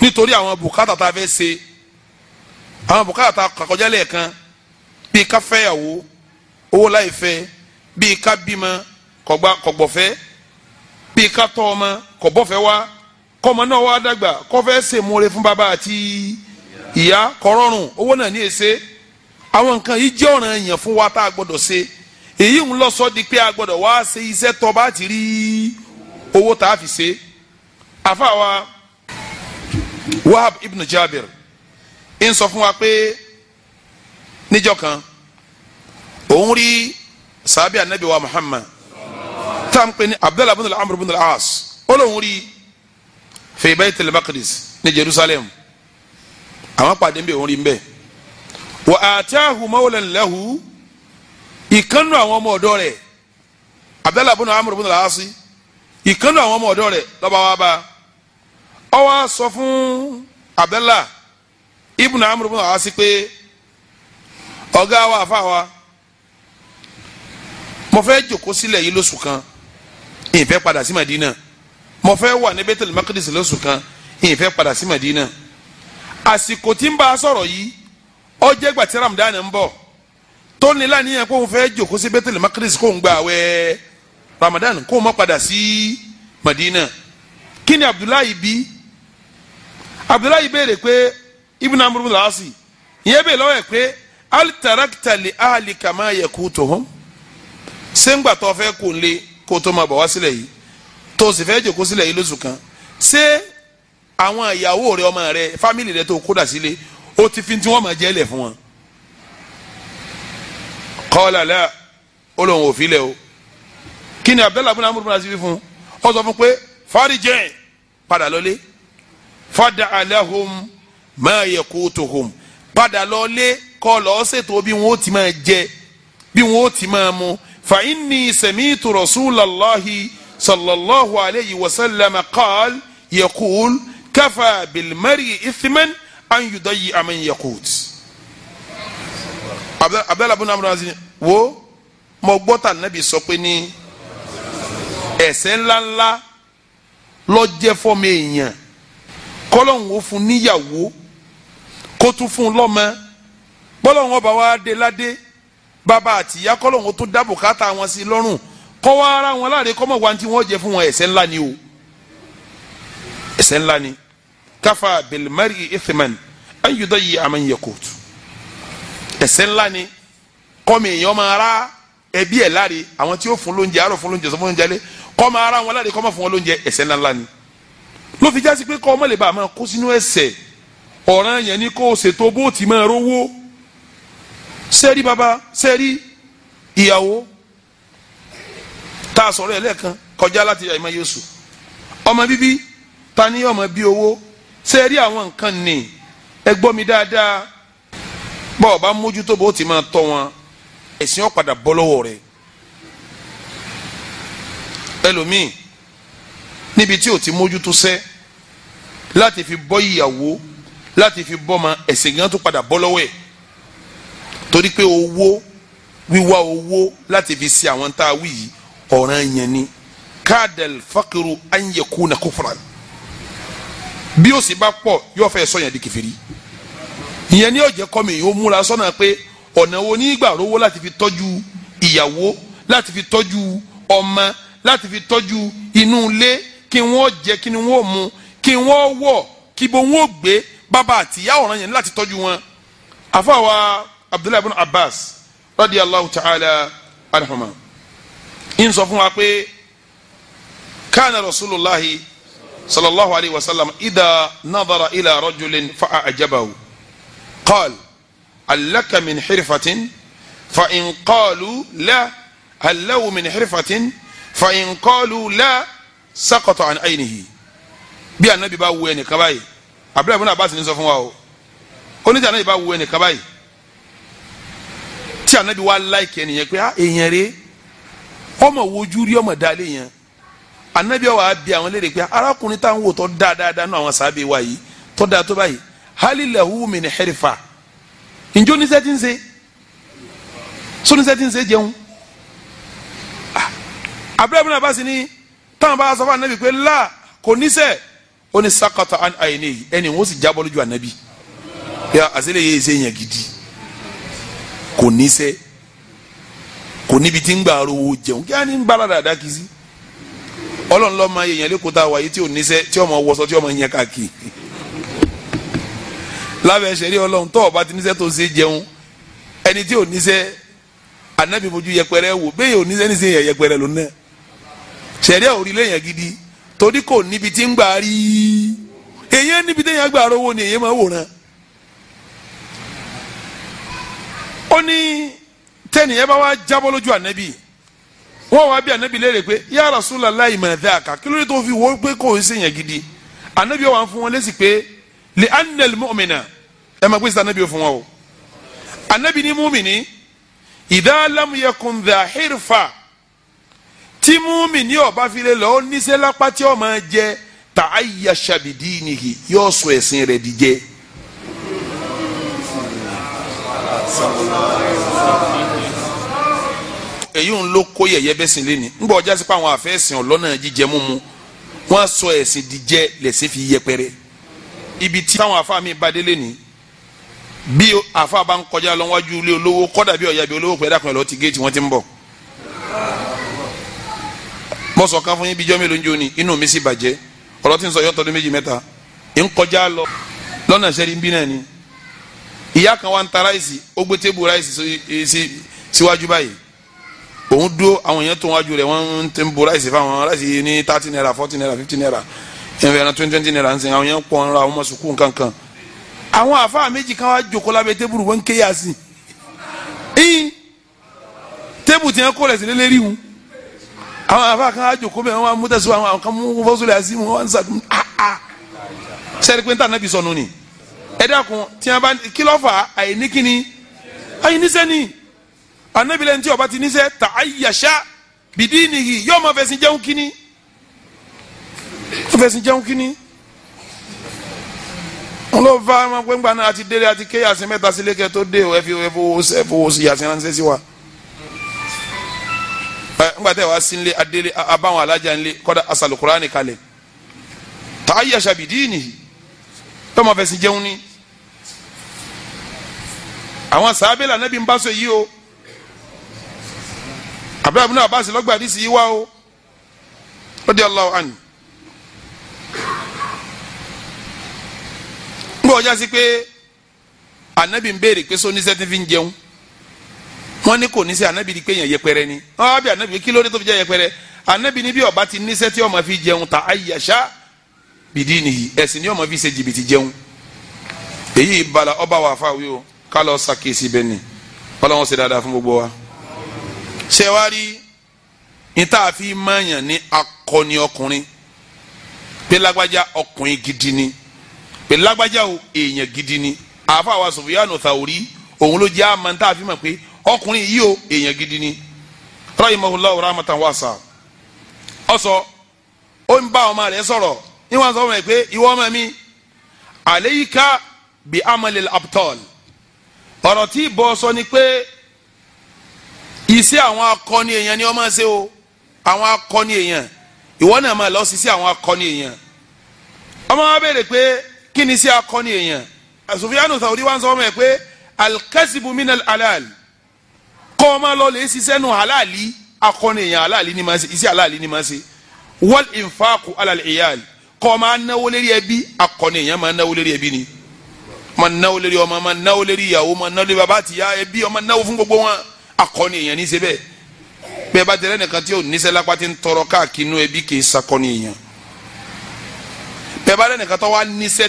nítorí àwọn bùkátà tá a fẹ́ ṣe àwọn bùkátà tá a kàkọjá lẹ́ẹ̀kan bíi ká fẹ́yàwó owó láì fẹ́ bíi ká bímọ kọ̀gbọ̀fẹ́ bíi ká tọ́ ọmọ kọ̀bọ̀fẹ́ wá kọ́mọ náà wá dàgbà kọ́fẹ́ ṣèmúre fún bàbá àti ìyá kọ́rọ́rùn owó náà ní èsè àwọn nǹkan yìí jẹ́ ọ̀ràn èèyàn fún wa tá a gbọ́dọ̀ ṣe èyí ń lọ sọ di pé a gbọ́dọ̀ wá ṣe iṣẹ́ tó bá ti rí i owó tá a fi ṣe àfàwà wahab ibn jabir ń sọ fún wa pé níjọ́ kan òun rí sàbí anabi wa muhammad tá a ń pè ní abdullahi ibn al-amr ibn al-as ó lóun rí fi baytil maqdis ní jerusalem àwọn pàdé ń bẹ òun rí ń bẹ wa ataahu mawlan lahu ìkànnù àwọn ọmọ ọ̀dọ̀ rẹ̀ abdullahi ibn al-amr ibn al-as. ìkànnì àwọn ọmọ ọ̀dọ́ rẹ̀ lọ́ba wa bá ọ wá sọ fún Abdallah ibn Amr ibn Al-As pé ọ̀gá wa àfa wa mo fẹ jòkó sílẹ̀ yìí lóṣù kan ìfẹ́ padà sí Madina mo fẹ́ wà ní Bethel Makdis lóṣù kan ìfẹ́ padà sí Madina àsìkò tí ń bá a sọ̀rọ̀ yìí ó jẹ́ gbàtí Ramadan ń bọ̀ tó ní láníyàn kó ń fẹ́ jòkó sí Bethel Makdis kó ń gbà wẹ́ẹ́ Ramadan kó o má padà sí Madina kí ni Abdullahi bí Abdullahi béèrè pé Ibn Amr ibn al-Asi ìyẹn bẹ́ẹ̀ lọ́wọ́ ẹ̀ pé alitarakita li ahali kama yẹ kú tó hàn sẹ́ńgbà tó fẹ́ kó lé kó tó máa bọ̀ wá sílẹ̀ yìí tó sì fẹ́ jòkó sílẹ̀ yìí lóṣù kan ṣé àwọn ìyàwó rẹ ọmọ rẹ fámìlì rẹ tó kódà sílé ó ti fi tí wọ́n máa jẹ́ lẹ̀ fún wọn. kọ́lá la ó lóun ò fi lẹ̀ o kí ni abdullahi abdullahi amúrúmú azizi fún ọ sọ fún pé fàríjẹ padà lọlé fada alahum máa yẹ kó tó hom padà lọlé kọ lọ ṣètò bí wọn ó ti máa jẹ bí wọn ó ti máa mu fa inni sami'tu rasulallahi sallallahu alayhi wa sallam qaal yaqul kafa bilmari ithman an yudayi aman yaqut abdullahi abdullahi amúrúmú azizi wo mo gbọ́ta nàbì sọ pé ní ẹ̀ṣẹ̀ ńláńlá lọ́jẹ́ fọ́mọ èèyàn kọ́lọ́hún ó fún níyàwó kó tún fún un lọ́mọ bọ́lọ́hún ọba wa dé ládé bàbá àtìyá kọ́lọ́hún ó tún dá bùkátà wọn sí lọ́rùn kọ́ wá ara wọn láre kọ́mọ̀ wá tí wọ́n jẹ fún wọn ẹ̀ṣẹ̀ ńlá ni o ẹ̀ṣẹ̀ ńlá ni káfa bilimari ithman ayudọ yìí a máa kóòtù ẹ̀ṣẹ̀ ńlá ni kọ́mi èèyàn máa ra ẹbí ẹ̀ láre àwọn tí ó fún lóúnjẹ àárọ̀ fún lóúnjẹ sọ fún lóúnjẹ lé kọ́mọ ara wọn láti kọ́mọ fún wọn lóúnjẹ ẹ̀ṣẹ̀ ńláńlá ni ló fi jásí pé kọ́mọ lè bá a máa kó sínú ẹ̀ṣẹ̀ ọ̀ràn yẹn ni kó o ṣètò bó máa rówó sẹ́rí baba sẹ́rí ìyàwó tá a sọ̀rọ̀ ẹ̀ lẹ́ẹ̀kan kọjá láti ẹ̀ma yéṣu ọmọ bíbí ta ni ọmọ bí owó sẹ́rí àwọn nǹkan nì ẹ gbọ́ mi dáadáa bọ́ọ̀ bá mójútó bó máa tọ́ wọn ẹ̀sìn ó bọ́ lọ́wọ́ rẹ̀ ẹlòmíì níbi tí ò ti mójútó sẹ́ láti fi bọ́ ìyàwó láti fi bọ́ ma ẹ̀sìn gan tó padà bọ́ lọ́wọ́ ẹ̀ torí pé owó wíwá owó láti fi ṣe àwọn tá a wí yìí ọ̀ràn yẹn ni káàdẹ̀l fakiru anyẹ̀kú na kófòrán bí ó sì bá pọ̀ yóò fẹ́ sọ yẹn di kìfìrí ìyẹn ni ọ̀jẹ̀ kọ́ mi yóò múra sọ́nà pé ọ̀nà wo ní ìgbà rówó láti fi tọ́jú ìyàwó láti fi tọ́jú ọmọ láti fi tọ́jú inú ilé kí wọ́n jẹ kí wọ́n mu kí wọ́n wọ̀ kí bo wọ́n gbé bàbá àtìyá ọ̀ràn yẹn láti tọ́jú wọn. àfọwà abdullahi ibn abbas radiyallahu ta'ala anhuma ń sọ fún wa pé kana rasulullahi sallallahu alayhi wa sallam idha nadara ila rajulin fa'ajabahu qal alaka min hirfatin fa in qalu la hal lahu min hirfatin fàyìn kọ́ọ̀lù la sakọ̀tọ̀ àni àyìn nìyí bí anabi bá wu ẹnì kaba yìí abdulayi ibn abbas ní sọ fún wa o ó ní tí anabi bá wu ẹnì kaba yìí tí anabi wá láìkì ẹnì yẹn pé á ah, èèyàn rè ọmọ wojú rí ọmọ dalé yẹn anabi wa bí àwọn léde pé arákùnrin táwọn wò tọ́ dáadáa náà àwọn sábẹ́ wa yìí tọ́ da tó báyìí hali lahu min hirifa njó ní sẹ́tí ń ṣe sóní sẹ́tí ń ṣe jẹun abdulayi bin abasi ni táwọn bá sọ fún anabi pé la kò níṣẹ́ ó ní sakata àyìnlẹ yìí ẹni wọn sì jábọ́ lójú anabi yà àṣẹlẹ yìí ṣe yẹn gidi kò níṣẹ́ kò níbi tí ń gbà arówó jẹun kí á ní ń gbára dáadáa kìí sí ọlọ́run lọ́ọ́ máa yẹ̀yàn lẹ́kọ̀ọ́ tá a wà yìí tí ò níṣẹ́ tí ọmọ wọṣọ tí ọmọ yẹn káàkiri lábẹ́ ṣẹ̀rí ọlọ́run tó ọba ti níṣẹ́ tó ṣe jẹun ẹni tí ò níṣẹ́ anabi fojú yẹpẹrẹ wò bẹ́ẹ̀ ò níṣẹ́ níṣẹ́ yẹpẹrẹ lónìí sẹ̀rí àwòrán yẹn gidi torí kò níbi tí ń gbà rí èyàn níbi tí èyàn gbà rówó ni èyàn máa wòran ó ní tẹ́nìyàn bá wá jábọ́ lójú ànábì wọ́n wá bí ànábì léèrè pé ya Rasulullahi ma dhaka kí ló dé tó fi wọ́n pé kò ń sèyàn gidi ànábì wà fún wọn lẹ́sì pé li anna al-mu'mina ẹ máa pèsè ànábì fún wọn o ànábì ní mu'mini idha lam yakun dha hirfa tí múmi ní ọba file lọ ó níṣẹ́ lápá tí ó máa jẹ ta ayé aṣàbìdí nìyí yóò sọ ẹ̀sìn rẹ̀ díjẹ́. èyí ń ló kó yẹ̀yẹ́ bẹ́ẹ̀ sìn lé ní ń gbọ́ ọjà sí pa àwọn àfẹ́sìn ọlọ́nà jíjẹ múmu wọ́n sọ ẹ̀sìn díjẹ́ lẹ́sìn fi yẹpẹrẹ ibi tí táwọn àfa mi bá délé ní bí àfa bá ń kọjá lọ́wọ́jú ilé olówó kọ́dà bí ọ̀yà bí olówó pẹ̀lú àkànlọ́ ti géètì wọ́n ti ń bọ̀ mo sọ kan fún yín bíjọ́ mélòó ń jó ni inú mi sì bàjẹ́ ọ̀rọ̀ tí ń sọ yọ tọdún méjì mẹ́ta ń kọjá lọ lọ́nà sẹ́rí ń bí náà ni ìyá kan wá ń ta ráìsì ó gbé tébù ráìsì eh, síwájú báyìí òun dúró àwọn èèyàn tó wájú rẹ̀ wọ́n ń bu ráìsì fáwọn ráìsì ní thirty naira forty naira fifty naira ẹnfẹ̀ ẹran twenty twenty naira ń sìn àwọn èèyàn pọ̀ ń ra àwọn ọmọ sùkúù kankan àwọn àfáà méjì kan wá jókòó lábẹ́ tébù wọn ń ké yà sí i tébù tiẹ̀ kó rẹ̀ sí lélẹ́rìí wọn àwọn afa kan á jòkó bẹ́ẹ̀ wọn mú tẹ̀sí wọn kan mú fọ́sọ̀lẹ̀ àti mú wọn sàdún aa ah, ah. sẹ́ni pé ntànà bí sọnù ni ẹ dákun tí a bá kìlọ̀ fà àyíní kíni àyíní sẹ́ni anabilẹ̀ ntí ọba ti níṣẹ́ ta ayíyàṣá bìdí nìyí yóò máa fẹ̀sìn jẹun kíni ó fẹ̀sìn jẹun kíni ọlọ́ọ̀fà máa pẹ́ ńgbà náà àti délé àti kéyàsí mẹ́ta sílé kẹ́ tó dé ẹ̀ fi owó sí yàsí ránṣẹ́ sí wa ngbàtà wa sinle sí nílé adélé nle alájà nílé kọ́dà asàlù kúránì kalẹ̀ tá a yẹ aṣàbìdí nìyí ni àwọn sàábẹ́ là nẹ́bí ń bá so yìí o abdulayi bin abbas lọ́gbà àdìsí yìí wá o radiyallahu anhu ngbọ̀ ọjà sí pé anabi ń béèrè pé so ní sẹ́tí ń jẹun wọ́n ní kò ní sẹ́ anabi di pé yẹn yẹpẹrẹ ni wọ́n á bí anabi kí lóde tó fi jẹ́ yẹpẹrẹ anabi ni bí ọba ti níṣẹ́ tí ọmọ fi jẹun ta ayíyàṣá bìdí nìyí ẹ̀sìn ni ọmọ fi ṣe jìbìtì jẹun èyí ìbala ọba wà fà wí o ká lọ ṣàkíyèsí bẹ́ẹ̀ ni ọlọ́run ṣe dáadáa fún gbogbo wa. ṣé wàá rí níta àfi mọ̀ọ́yàn ní akọni ọkùnrin pé lágbájá ọkùnrin gidi ni pé lágbájá èèyàn gidi ni àáfàá wa Sufyanu Thawri òun ló jẹ́ àmọ́ níta ọkùnrin yìí o èèyàn gidi ni rahimahullahu rahmatan wasa ọsọ ó ń bá ọmọ rẹ̀ sọ̀rọ̀ níwọ̀n sọ fún mi pé ìwọ ọmọ mi àléyíká bi amalil abtol ọ̀rọ̀ tí ìbọn sọ ni pé iṣẹ́ àwọn akọni èèyàn ni ọmọ ṣe o àwọn akọni èèyàn ìwọ náà máa lọ sí sí àwọn akọni èèyàn ọmọ wa béèrè pé kí ni sí akọni èèyàn Sufyanu Thawri wá ń sọ fún pé alkasibu minal alal kọ́ ọ máa lọ lè ṣiṣẹ́ nu halali akọni èèyàn halali ni máa ṣe iṣẹ́ halali ni máa ṣe wal infaaku alal iyal kọ́ ọ máa náwó lérí ẹbí akọni èèyàn máa náwó lérí ẹbí ni máa náwó lérí ọmọ máa náwó lérí ìyàwó máa náwó lérí bàbá àtìyá ẹbí ọmọ náwó fún gbogbo wọn akọni èèyàn ní í ṣe bẹ́ẹ̀ bẹ́ẹ̀ bá tẹ̀lé nìkan tí ò níṣẹ́ lápá ti ń tọrọ káàkiri inú ẹbí kì í sakọni èèyàn bẹ́ẹ̀ bá tẹ̀lé nìkan tó wá níṣẹ́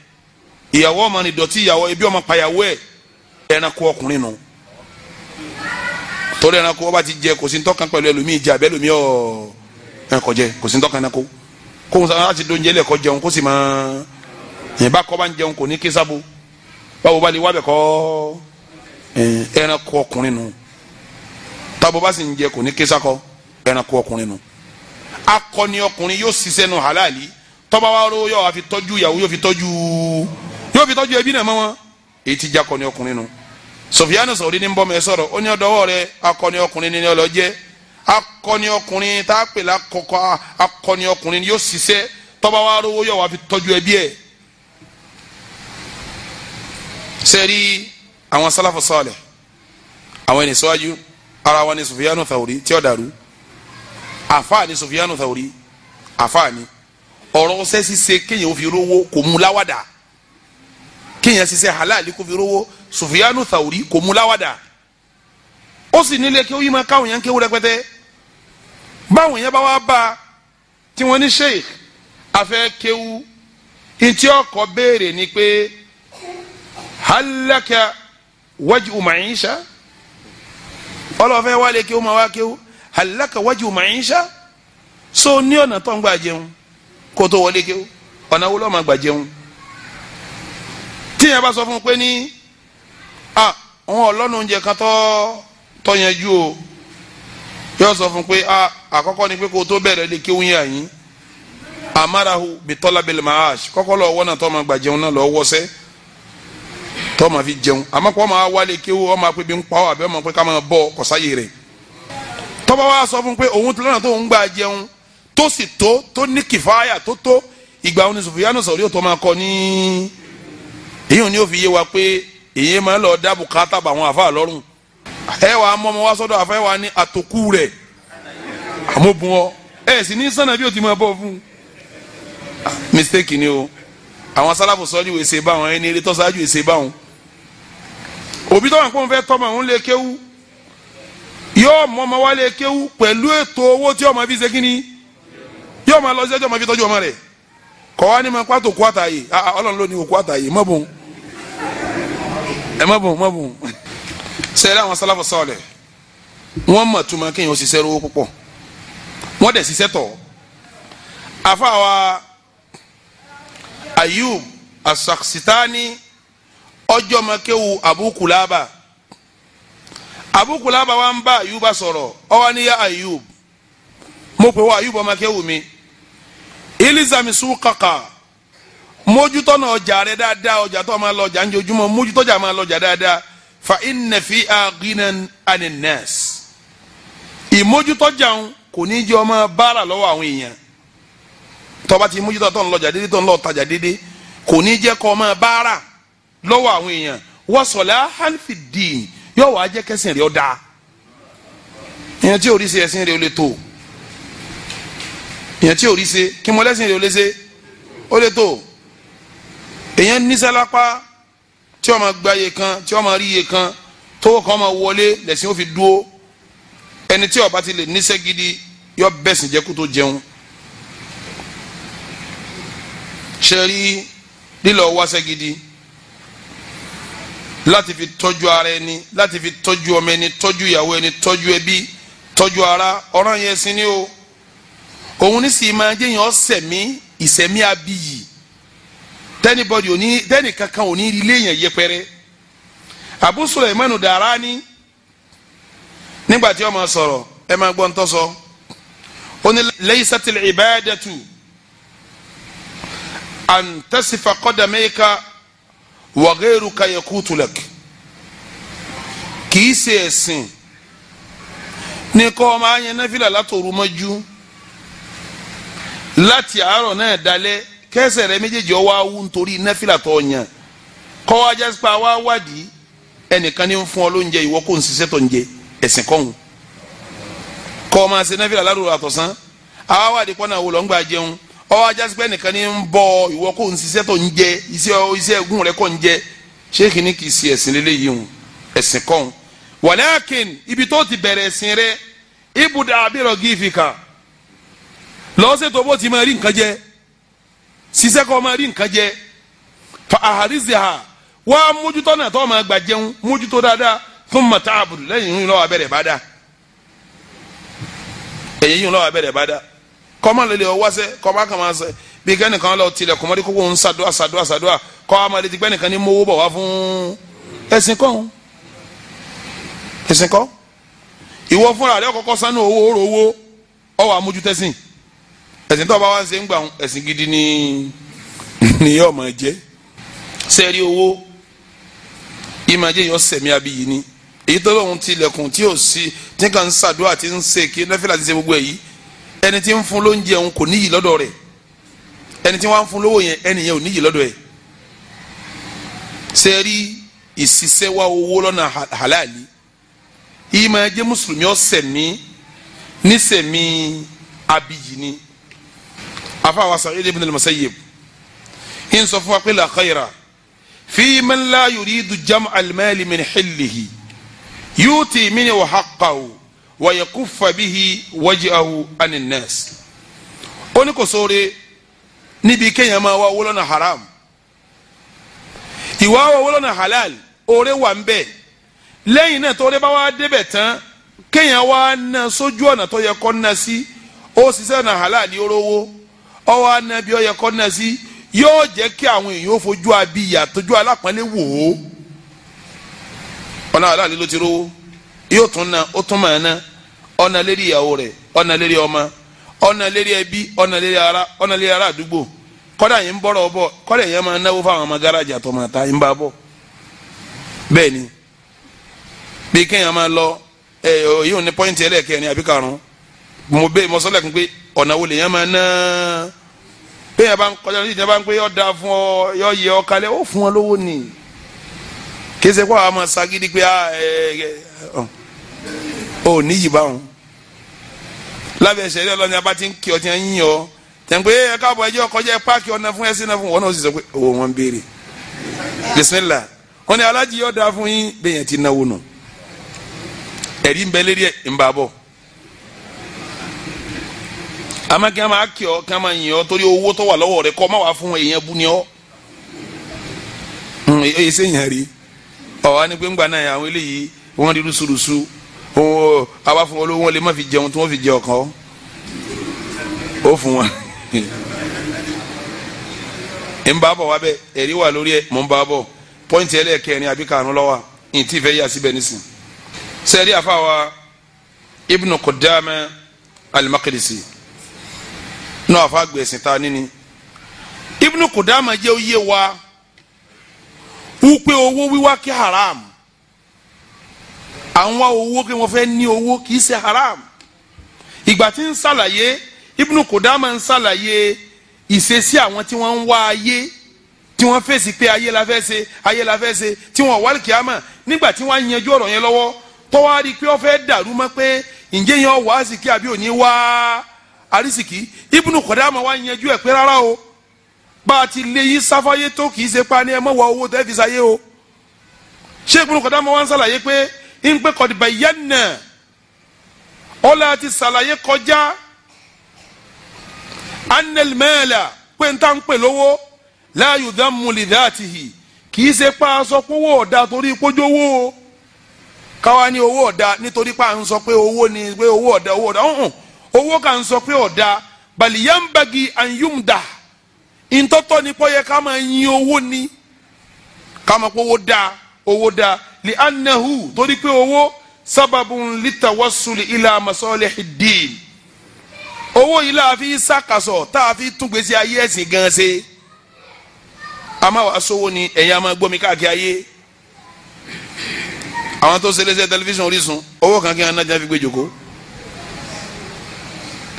ìyàwó ọmọ ni dọ̀tí ìyàwó ebi ọmọ payàwó ẹ̀ ẹranko ọkùnrin nù torí ẹranko ọba ti jẹ kò sí ntọ́kan pẹ̀lú ẹlòmíì jẹ abẹ́ ẹlòmíì ọ̀ ẹ̀kọ́ jẹ kò sí ntọ́kan ẹranko kó n sọ láti dóúnjẹ lẹ́kọ́ jẹun kó sì máa yẹn bá kọ́ bá ń jẹun kò ní ké sábò báwo bá lè wá bẹ̀ kọ́ ẹranko ọkùnrin nù tábò bá sì ń jẹ kò ní ké sákọ́ ẹranko ọkùnrin nù akọni ọkùnrin yóò ṣiṣẹ́ nù halali tọ́ba wa ro yóò fi tọ́jú ìyàwó yóò fi tọ́jú yóò fi tọ́jú ẹbí náà mọ́ wọn èyí ti jẹ́ akọni ọkùnrin nu Sofiyanu sọ̀rí ní bọ́mọ ẹ sọ̀rọ̀ ó ní ọ̀dọ́wọ́ rẹ akọni ọkùnrin ní ọlọ́ jẹ́ akọni ọkùnrin tá a pè lákọ̀ọ́kọ́ akọni ọkùnrin yóò ṣiṣẹ́ tọ́ba wa rówó yóò wá fi tọ́jú ẹbí ẹ̀ sẹ́rí àwọn sálàfù sọ́ọ̀lẹ̀ àwọn ẹni sọ́wájú ara wa ni Sofiyanu Thawri tí ó dàrú àfáà ni Sofiyanu Thawri àfáà ni ọ̀rọ̀ sẹ́sí ṣe kéèyàn fi rówó kò mú láwàdà kéèyàn ṣiṣẹ́ halali kó fi rówó Sufyanu Thawri kò mú láwàdà ó sì nílé kí ó yí máa káwọn yẹn kéwú rẹpẹtẹ báwọn yẹn bá wá bá a ní sheikh afẹ́ kéwú ntí ọkọ̀ béèrè ni pé halaka wajhu ma'isha ọlọ́fẹ́ wálé kéwú máa wá kéwú halaka wajhu ma'isha so ní ọ̀nà tó ń gbà jẹun kó tó wọlé kéwú ọ̀nà wo ló gbà jẹun tíyẹn bá sọ fún un pé ní à wọn ọlọ́nu oúnjẹ kan tọ́ tọ́ yẹn o yóò sọ fún pé à àkọ́kọ́ ni pé kó o tó bẹ̀rẹ̀ lè kéwọ́n yà yín amarahu bitola belmaash kọ́kọ́ lọ wọ́n náà tọ́ ma gba jẹun náà lọ wọ́sẹ́ tọ́ ma fi jẹun àmọ́ kọ́ ma wálé kéwọ́n ọmọ akpé bí ń pa ọ́ àbẹ́ ọmọ pé ká ma bọ́ kọ́sáyé rẹ̀ tọ́ba wa sọ fún pé òun lọ́nà tó ń gbà jẹun tó sì tó tó ní kìfáyà tó tó ìgbà òní sùfìyànù sọ̀rí òtọ́ máa kọ ní èyí ni ó fi yé wa pé èyí máa lọ dá bùkátà bá àwọn àfa lọ́rùn ẹ wà á mọ ọmọ wa sọ́dọ̀ àfa ẹ wà á ní àtòkù rẹ̀ àmóbùn ọ ẹ sì ní sànà bí o ti máa bọ̀ fún un mistake ni o àwọn sálàfù sọ́jú èsè báwọn ẹni eré tọ́sájú èsè báwọn òbí tó wà pé òun fẹ́ tọ́mọ òun lè kéwú yóò mọ ọmọ wa lè kéwú pẹ̀lú ètò owó tí ọmọ fi ṣe kí ni yóò máa lọ sí ẹjọ́ ọmọ fi tọ́jú ọmọ rẹ̀ kọ́ wa ní ma kó àtòkù àtàyè ah, ah, ọlọ́run ló ní òkú àtàyè mọ́bùn ẹ má bùn má bùn sẹ́yìn àwọn sálàfù sọ̀lẹ̀ wọ́n mọ̀ tó máa kéèyàn ṣiṣẹ́ rówó púpọ̀ wọ́n dẹ̀ ṣiṣẹ́ tọ̀ àfàwà Ayub As-Sakhsitani ọjọ́ makewu Abu Kulaba Abu Kulaba wa ń bá Ayuba sọ̀rọ̀ ó wá ní ya Ayub mo pè wá Ayub ọmọ makewu mi ilizami sukaka mójútó náà ọjà rẹ dáadáa ọjà tó máa lọ ọjà ńjojúmọ́ mójútó ọjà máa lọ ọjà dáadáa fa inna fi aginan aninas ìmójútó jàun kò ní jẹ́ ọmọ bára lọ́wọ́ àwọn èèyàn tó bá ti mójútó tó ń lọ ọjà dédé tó ń lọ ọtajà dédé kò ní jẹ́ kó ọmọ bára lọ́wọ́ àwọn èèyàn wọ́sọ̀lá hàlfì dìín yóò wá jẹ́ kẹsìn rẹ̀ ọ́ dáa ìyẹn tí orí ṣe ẹ̀sìn rẹ̀ ó lè tó ìyẹn tí orí ṣe kí mo lẹ́sìn rẹ̀ ó lè ṣe ó lè tó èèyàn níṣẹ́ lápá tí ó máa gba iye kan tí ó máa rí iye kan tówó kan máa wọlé lẹ́sìn ó fi dúró ẹni tí ó bá ti lè níṣẹ́ gidi yọ bẹ́sìn jẹ́ kó tó jẹun ṣe rí lílọ wáṣẹ́ gidi láti fi tọ́jú ara ẹni láti fi tọ́jú ọmọ ẹni tọ́jú ìyàwó ẹni tọ́jú ẹbí tọ́jú ara ọ̀ràn yẹn sí ni o òun ní sì máa jẹ́yìn ọ̀sẹ̀mí ìsẹ̀mí abiyì tẹnibọdì ò ní tẹni kankan ò ní ilé yẹn yẹpẹrẹ Abu Sulaimanu Darani nígbà tí ó máa sọ̀rọ̀ ẹ máa gbọ́ ntọ́ sọ ó ní laysatil ibadatu an tasifa qadamayka wa ghayruka yakutu lak kìí ṣe ẹ̀sìn ní kọ́ máa yẹn náfìlà láti àárọ̀ náà dalẹ́ kẹsẹ̀ rẹ méjèèjì ọwọ́ awú nítorí náfìlà tó yàn kọ́ wa jásí pa wa wádìí ẹnìkan ní fún ọ lóúnjẹ ìwọ kò ń ṣiṣẹ́ tó ń jẹ ẹ̀sìn kọ́hún kọ́ ọ máa ṣe náfìlà ládùúgbò àtọ̀sán àwa wádìí pọ́nà wo lọ́ ń gbà jẹun ọwọ́ ajásí pa ẹnìkan ní ń bọ ìwọ kò ń ṣiṣẹ́ tó ń jẹ iṣẹ́ iṣẹ́ ẹ̀gún rẹ kọ́ ń jẹ ṣéèkì ní kì í ṣe ẹ̀sìn lélẹ́yìí hùn ẹ̀sìn kọ́hún wàlẹ́àkìn ibi tó ti bẹ̀rẹ̀ ẹ̀sìn rẹ ibùdó àbírọ̀ gífìkà lọ́sẹ̀ tó bó ti máa rí nǹkan jẹ́ ṣiṣẹ́ kọ́ máa rí nǹkan jẹ fa àhárísì ha wa mójútó náà tó máa gbà jẹun mójútó dáadáa fún mọ̀tá lẹyìn yìí lọ́wọ́ abẹ́rẹ́ bá dá yìí lọ́wọ́ abẹ́rẹ́ bá dá ọ wáṣẹ́ bí kan lọ ń ti kan ní mowó wá fún ìwọ fúnra rẹ owó owó ẹ̀sìn tó bá wá ń ṣe ń gbà ẹ̀sìn gidi ni ni yóò máa jẹ́ sẹ́ẹ̀rí owó ìmàjẹ́ yọ sẹ̀mí abiyì ni èyí tó lóun ti ilẹ̀kùn tí yóò sí tí kàn ń ṣàdúrà tí ń ṣe kí nẹ́fẹ̀lá ti ṣe gbogbo ẹ̀ yìí ẹni tí ń fún lóúnjẹ òun kò níyì lọ́dọ̀ rẹ̀ ẹni tí wọ́n á fún lówó yẹn ẹni yẹn ò níyì lọ́dọ̀ ẹ̀ sẹ́ẹ̀rí ìṣiṣẹ́ wa owó lọ́nà halali ìmàjẹ́ mùsùlùmí ọ̀sẹ̀mí nísẹ̀mí abiyì ni. Ni afa wa Sa'id ibn al-Musayyib ń sọ fún wa pé la khayra fi man la yuridu jam'a al-mali min hillihi yuti minhu haqqahu wa yakuffa bihi wajhahu anin nas ó ní kò sóore níbi kéèyàn máa wá owó lọ́nà haram ìwà owó lọ́nà halal oore wà ń bẹ lẹ́yìn náà tóore bá wá débẹ̀ tán kéèyàn wá ná sójú ọ̀nà tó yẹ kó ná sí ó sì sẹ́nà halal ní orówó Ọwọ anabi ọyẹ kọ́ náà yóò jẹ́ kí àwọn èèyàn fojú abi ìyàtọ̀jú alápọ̀nlé wò ó ọ̀nà aláàlẹ́ ló ti rówó yóò tún na ó tún máa na ọ̀nà lérí ìyàwó rẹ̀ ọ̀nà lérí ọmọ ọ̀nà lérí ẹbí ọ̀nà lérí ara ọ̀nà lérí ara àdúgbò kọ́dà yìí ń bọ̀rọ̀ bọ̀ kọ́dà yìí máa náwó fáwọn ọmọ gáràjì yìí ń bá bọ̀ bẹ́ẹ̀ ni bí máa lọ ẹ̀ yóò ní pọ́ìntì mo bẹ́ẹ̀ ọ̀nà wo lèèyàn máa ná bẹ́ẹ̀ bá ń kọjá lójú ìjọba ń pé yọ da fún ọ yọ yẹ ọ kalẹ̀ ó fún ọ lówó ni kì í ṣe pé àwọn máa ṣagídí pé ọ ah, ní yìí báwọn lábẹ́ ìṣẹ̀lẹ̀ ọlọ́ni abá ti ń kí ọ ti ń yín ọ tẹ̀gbẹ́ ẹ káàbọ̀ ẹjọ́ kọjá páàkì ọ̀nà fún ẹ̀sìn náà fún wọn náà ó sì sọ pé owó wọn béèrè bisimilá wọn ni alájí yọ da fún yín bẹ́ẹ̀ yẹn ti náwó nù ẹ̀rí ń bẹ lérí ẹ̀ ń bá bọ̀ ama kí a máa kí ọ kí a máa yìn ọ torí owó tó wà lọ́wọ́ rẹ kọ́ ọ má wàá fún èèyàn bú ni ọ. èyí ṣe yàn rí ọ̀wá ni pé ńgbà náà àwọn eléyìí wọ́n rí rúṣurùṣu owó àwa fún olówó wọn lè má fi jẹun tí wọ́n fi jẹ ọ̀kan ó fún wa. ń bá bọ̀ wá bẹ́ẹ̀ ẹ̀rí wà lórí ẹ̀ mọ̀ ń bá bọ̀ pọ́ìntì ẹlẹ́ẹ̀kẹrin àbí karùn-ún lọ́wọ́ ní tí ì fẹ́ yà síbẹ̀ nísìn sẹ́ẹ̀rí àfáwa Ibn Qudama al-Maqdisi nínú àfa gbèsè ta níní Ibn Kudama jẹ́ oyé wa wípé owó wíwá kí haram àwọn owó kí wọ́n fẹ́ ní owó kì í ṣe haram ìgbà tí ń ṣàlàyé Ibn Kudama ń ṣàlàyé ìṣesí àwọn tí wọ́n ń wá ayé tí wọ́n fèsì pé ayé la fẹ́ ṣe ayé la fẹ́ ṣe tí wọ́n wálé kíámà nígbà tí wọ́n á yanjú ọ̀rọ̀ yẹn lọ́wọ́ tọ́wárí pé ó fẹ́ dàrú mọ́ pé ǹjẹ́ yẹn wá sí kí àbí òní wá àrísìkí Ibnu Qudama wa yanjú ẹ̀ pé rárá o bá a ti lé yín sáfáyé tó kì í ṣe pa ni ẹ mọ̀ wá owó tẹ́ fi sáyé o Sheikh Ibnu Qudama wa ń ṣàlàyé pé ń pẹ́ qad bayyanna ọ̀là ti ṣàlàyé kọjá anel mẹ́ẹ̀lá pé ń tà ń pè lówó la yudhammu li dhatihi kì í ṣe pa aṣọ kówó ọ̀dà torí kójówó káwa ní owó ọ̀dà nítorí pa à ń sọ pé owó ni pé owó ọ̀dà owó ọ̀dà ọ̀hún owó kan sọ pé ọ̀dà baliyambagi anyumda ntọ́tọ́ ni pọ́ yẹ ká máa yin owó ni ká máa pọ́ owó da owó da li anahu torí pé owó sábàbùn lítàwọ́sùlì ilà masọ́lẹ̀ dín owó yìí la fi sàkàsọ̀ tá a fi tún gbèsè ayé ẹ̀sìn gan ṣe a máa wàá sọ́wọ́ ni ẹ̀yin a máa gbọ́ mi káàkiri ayé àwọn tó ṣe léṣe tẹlifíṣàn Orísun owó kan kí wọn náà jẹ́ fi gbé jòkó.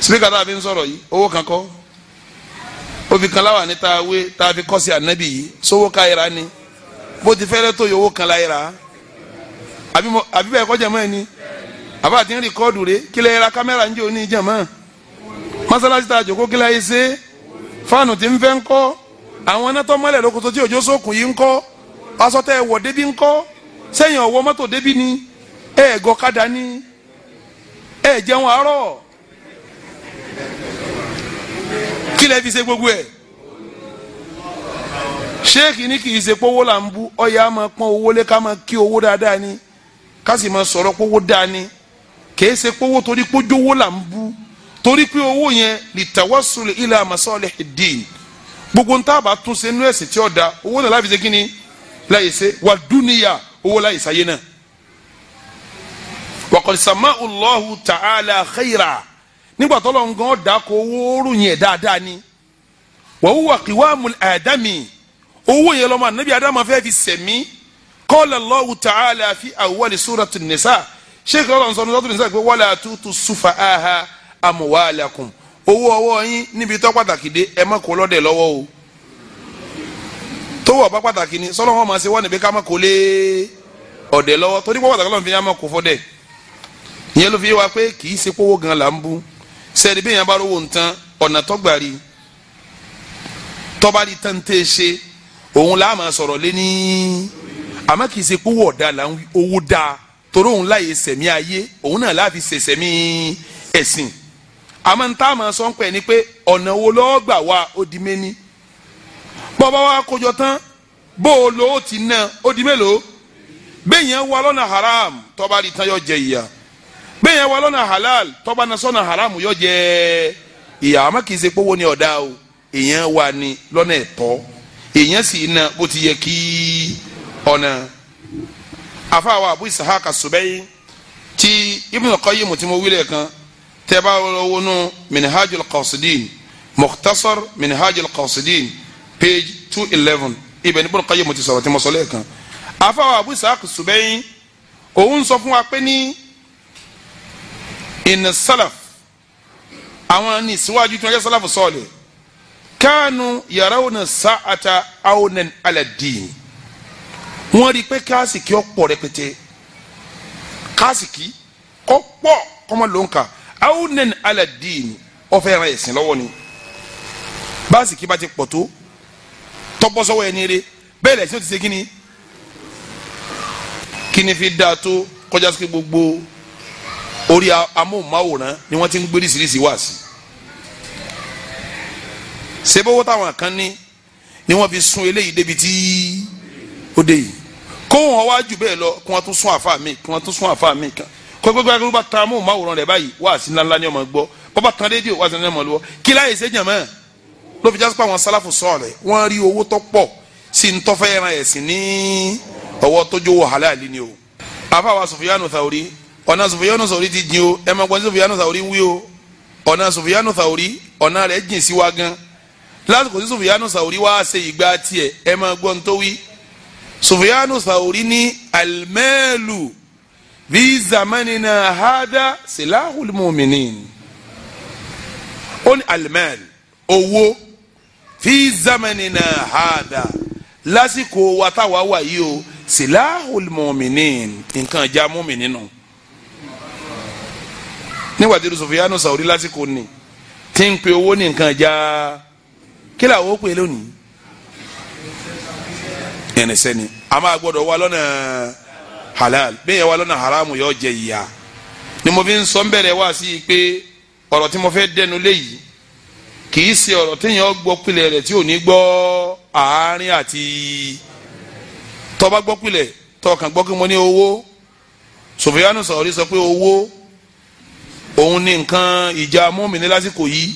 spika tá a fi ń sọ̀rọ̀ yìí owó kan kọ́ ó kan láwà ní tá tá a fi ni bó ti fẹ́rẹ́ tó yẹ owó kan la àbí bẹ́ẹ̀ kọ́ jẹ̀mọ́ ni àbá ti ń rìkọ́ọ̀dù rẹ kí lè yẹra kámẹ́rà ń òní jẹ̀mọ́ mọ́sálásí tá jòkó kí lè yẹ ṣe fáànù tí ń fẹ́ ń àwọn anátọ́ mọ́lẹ̀ lókoto tí òjò sókun yìí ń kọ́ wọ̀ ni ni ẹ̀ẹ́ jẹun kí lẹ fi ṣe gbogbo ẹ̀ sheikh ni kì í ṣe pówó là ń bú ọyà á máa pọ́n owó lé ká máa kí owó dáadáa ni ká sì máa sọ̀rọ̀ pówó dáa ni kì í ṣe pówó torí pójówó là ń bú torí pé owó yẹn lè tawassul ila masalihi din gbogbo nta bá tún ṣe nú ẹ̀sìn tí ó da owó náà láfi ṣe kí ni láyé ṣe wà dúníyà owó láyé ṣayé náà wa qad sama'u Allahu ta'ala nígbà tó lọ́n gan dako owó ròyìn ẹ̀ dáadáa ni wàhùn wà kí wàá mú àdámì owó yẹn lọ́mọ ànábì àdámà fẹ́ fi sẹ̀mí qala Allahu ta'ala fi awwali surati nisa sheikh lọ́lọ́n sọ sọ́tún nisa pé wala tutu sufa'aha amwalakum owó ọwọ́ yín níbi tó pàtàkì dé ẹ má kó lọ́dẹ̀ lọ́wọ́ o tó wọ̀ bá pàtàkì ni sọ́lọ́ wọn máa ṣe wọ́n níbi ká má kó lé ọ̀dẹ̀ lọ́wọ́ torí pọ́ pàtàkì lọ́n fi yá má kó fọ́dẹ̀ ìyẹn ló fi yé wa pé kì í ṣe sẹ́ni bí èèyàn bá rówó nǹkan ọ̀nà tọ́gbà rí tọ́ba rí tán tẹ́ ṣe òun là máa sọ̀rọ̀ lé ní àmọ́ kì ṣe kówó ọ̀dà là ń owó dáa torí òun láàyè sẹ̀mí ayé òun náà láàfi sẹ̀sẹ̀mí ẹ̀sìn àmọ́ ní táwọn sọ ń pẹ̀ ni pé ọ̀nà wo lọ́ọ́ gbà wá ó di méní bọ́ba wa kójọ tán bó o lo ó ti ná ó di mélòó bẹ́ẹ̀ yẹn wà lọ́nà haram tọ́ba rí tán yọ jẹ ìyà. gbẹ̀yẹn wa lọ́nà halal tọ́ba na sọ́nà haram yọ jẹ́ ìyá àmọ́ kì í ṣe pówó ni ọ̀dà o èèyàn wà ní lọ́nà ẹ̀tọ́ èèyàn sì na bó ti yẹ kí ọ̀nà afáwa abu isahaka subẹ́yìn tí ibùdó kọ́yé mo ti mo wílẹ̀ kan tẹ́ bá wọnú minhajul qasidin mukhtasar minhajul qasidin page two eleven ibẹ̀ ní ibùdó kọ́yé mo ti sọ̀rọ̀ tí mo sọ lẹ́ẹ̀kan afáwa abu isahaka subẹ́yìn òun sọ fún wa pé ní. In salaf, àwọn ní síwájú tí wọ́n jẹ́ sálàf sọ́ọ̀lì kánú yarawna sa'ata awnan ala din wọ́n rí i pé káàsìkì ọ̀pọ̀ rẹpẹtẹ káàsìkì ọ̀pọ̀ kọ́mọ ló ń kà awnan ala din ọ̀fẹ́ ẹ̀ràn ẹ̀sìn lọ́wọ́ ni báàsìkì bá ti pọ̀ tó tọ́bọ́sọ́wọ́ ẹni rẹ bẹ́ẹ̀ lẹ́sìn ó ti ṣe kí ni fi dáa tó kọjá sí gbogbo orí amóhùnmáwòrán ni wọ́n ti ń gbéríṣiríṣi wá sí sebowó táwọn kan ní ni wọ́n fi sún eléyìí débi tí ó dé yìí kóhùn ọwọ́ àjù bẹ́ẹ̀ lọ kí wọ́n tún sún àfa mi kí wọ́n tún sún àfa mi kan kọ́kọ́kọ́ kí wọ́n bá tan amóhùnmáwòrán rẹ̀ báyìí wá sí ńláńlá ni ọmọ gbọ́ bọ́bá tan rédíò wá sí ńláńlá ni ọmọ lọ́wọ́ kí láyé ṣe jàmọ́ ló fi jásùpá àwọn sálàfù sọ̀rọ̀ wọ́n rí wa Sufyanu Thauri ọ̀nà sùfìyànù sàwòrí ti jìn o ẹ máa gbọ́n sùfìyànù sàwòrí ń wí o ọ̀nà sùfìyànù sàwòrí ọ̀nà rẹ̀ jìn sí wa gan lásìkò tí sùfìyànù sàwòrí wá ṣe ìgbà tiẹ̀ ẹ máa gbọ́n tó wí sùfìyànù sàwòrí ní alimẹ́ẹ̀lù bí zamanina hada silahul muminin ó ní alimẹ́ẹ̀lù owó fi na hada lásìkò wa táwa yìí o silahul muminin nǹkan ìjà muminin nù. No nígbà tí Sauri lásìkò ni tí ń pe owó ní nǹkan já kí làwọn ó pè lónìí ẹnìsẹ́ni a máa gbọ́dọ̀ wá lọ́nà halal bẹ́ẹ̀ yẹn wá lọ́nà haramu yóò jẹ ìyá ni mo fi ń sọ bẹ̀rẹ̀ wá sí i pé ọ̀rọ̀ tí mo fẹ́ dẹnu léyìí kì í ṣe ọ̀rọ̀ téèyàn gbọ́ pilẹ̀ rẹ̀ tí ò ní gbọ́ àárín àti tọ́ba gbọ́ pilẹ̀ tọkàn gbọ́ kí mo ní owó Sufyanu Sauri sọ pé owó. òun ni nǹkan ìjà mọ́mìnì lásìkò yìí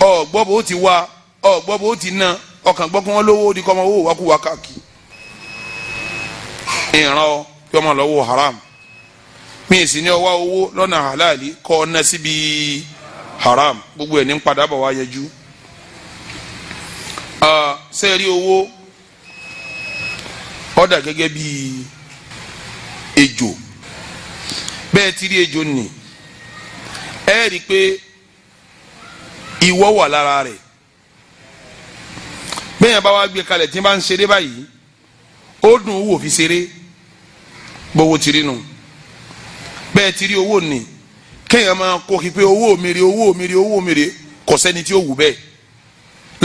ọ bó ti wá ọ̀gbọ́ bó ti ná ọkàn gbọ́ kí wọ́n lówó di kọ́mọ owó wákúwá káàkiri ìran ọ kí haram mi ì sì ní ọwọ́ owó lọ́nà halali kọ́ ọ ná haram gbogbo ẹ̀ ní padà bọ̀ wá yẹjú sẹ́ẹ̀rí owó ọ̀dà gẹ́gẹ́ bíi ejò bẹ́ẹ̀ ẹ i pé ìwọ wà lára rẹ̀ bẹ́ẹ̀ bá wá gbé kalẹ̀ tí n bá ń ṣeré báyìí ó dùn owó fi ṣeré gbowó tìrí nu bẹ́ẹ̀ tìrí owó ni kéèyàn máa kó kí pé owó mèrè owó mèrè owó mèrè kò sẹ́ni tí ó wù bẹ́ẹ̀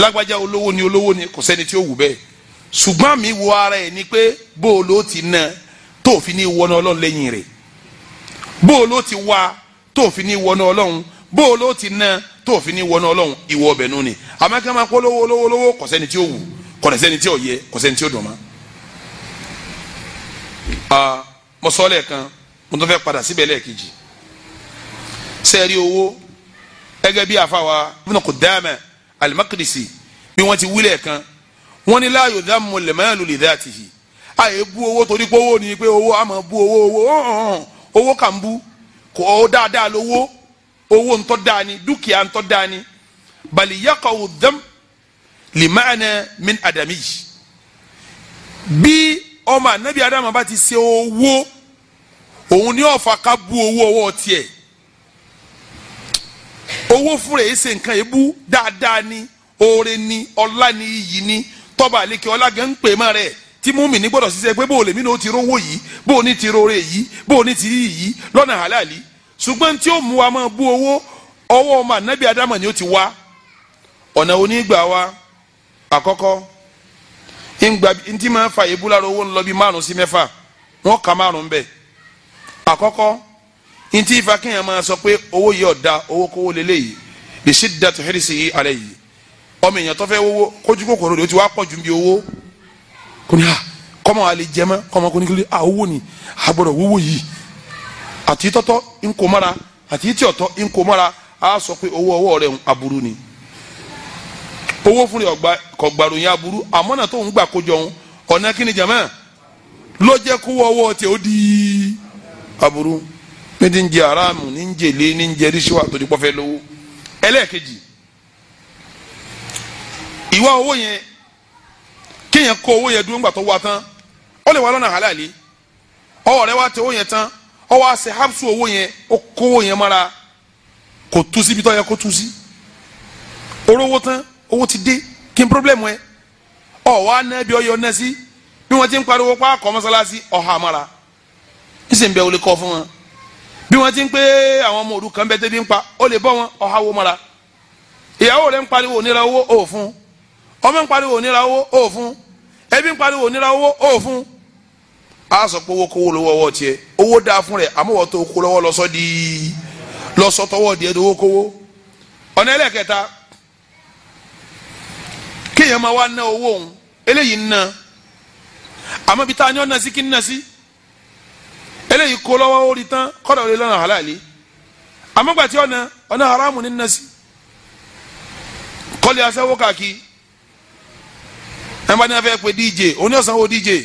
lágbájá olówó ni olówó ni kò mi wo ara ẹ̀ ni pé bóòlù ó ti nà tó fi ní wọnà tó o fi ní wọnú ọlọ́run bó o ló ti ná tó o fi ní wọnú ọlọ́run ìwọ ọbẹ̀ nù ni àmọ́ kí wọ́n máa kó lówó lówó lówó kò sẹ́ni tí ó wù kò sẹ́ni tí ó yẹ kò sẹ́ni tí ó dùn mọ́. mo sọ lẹ́ẹ̀kan mo tún fẹ́ padà síbẹ̀ lẹ́ẹ̀kejì sẹ́ẹ̀rí owó gẹ́gẹ́ bí àfàwà Ibn Qudama al-Maqdisi bí wọ́n ti wílẹ̀ kan wọ́n ní láàyò dáàmú lẹ́mẹ́lú lè dá tìhì àyè bú owó torí pé owó ni pé owó àmọ́ bú owó owó owó kà ń bú kò dáadáa lówó owó ntọ́ dáa ni dúkìá ntọ́ dáa ni bali yaqaw dam min adami bí ọmọ anabi adama bá ti se owó òun ni ọ̀fà ká bu owó ọwọ́ tiẹ̀ owó fúnra yìí ṣe nǹkan dáadáa ni oore ni ọlá ni iyì ni tọ́ba àlekè ọlá gan pè rẹ̀ tí mú mi ní gbọ́dọ̀ pé lèmi ti rówó yìí ní ti rore yìí ṣùgbọ́n tí ó mú wa máa bú owó ọwọ́ ọmọ ànábì adama ni ó ti wá ọ̀nà onígbà wa àkọ́kọ́ ntí máa fa èébú lára owó ńlọ bíi márùn sí mẹ́fà wọ́n kà márùn bẹ́ẹ̀ àkọ́kọ́ ntí ifá kéèyàn máa sọ pé owó yìí ọ̀dà owó kówó lélẹ́yìí lè ṣe dàtọ̀ hẹ́rìsì yìí alẹ́ yìí ọmọ èèyàn tó fẹ́ wọ́wọ́ kójú kòkòrò rẹ̀ ó ti wá pọ̀ ju bí owó kò ní à ah, kọ́mọ àlè jẹ́mọ́ kọ́mọ kò ní kí lè à ah, owó ni àgbọ̀dọ̀ wọ́wọ́ yìí àti tọ́tọ́ ń kó á sọ pé owó ọwọ́ rẹ̀ aburú ni owó fúnni kọ̀gbàròyìn aburú àmọ́nà tó ń gbà kójọ òun ọ̀nà kí ni ló jẹ́ kó ọwọ́ ó di aburú ní ti ń jẹ aráàmù ní ń ní ń tó lówó ẹlẹ́ẹ̀kejì ìwà owó yẹn kéèyàn kó owó yẹn dúró ńgbà tó wá tán ó lè wá lọ́nà halali ọwọ́ ọwọ́ àṣẹ hapsu owó yẹn ó kó owó yẹn mọ́ra kò tú síbi tó yẹ kó tú sí orówó tán owó ti dé kí n pírọ́blẹ́mù ẹ ọ̀wọ́ anẹ́bí ọyọ náà sí bí wọ́n ti ń pariwo pa akọ mọ́sálásí ọ̀hà mọ́ra níṣẹ́ ń bẹ olè kọ́ fún wọn bí wọ́n ti ń pé àwọn ọmọ òrukàn bẹ tẹ́bí ń pa ó lè bọ́ wọn ọ̀hà wo mọ́ra ìyàwó rẹ̀ ń pariwo òníra owó òfun ọmọ ń pariwo òníra owó òfun ẹbí ń pariwo òníra owó òfun a sọ owókowó owó kówó owó dáa fún rẹ̀ àmọ́wọ́ tó kó lọ́wọ́ lọ́sọ́ di lọ́sọ́ tọwọ́ di ẹ̀dínwó kówó ọ̀nà ẹlẹ́kẹta kéèyàn máa wá ná owó òun eléyìí ń ná àmọ́ bí táwọn ní ọ̀nà sí kí ń ná sí eléyìí kó lọ́wọ́ orí tán kọ́dọ̀ orí lọ́nà halali àmọ́ gbàtí ọ̀nà ọ̀nà haramu ní ń ná sí kọ́lé aṣẹ́wó káàkiri ẹ̀ ní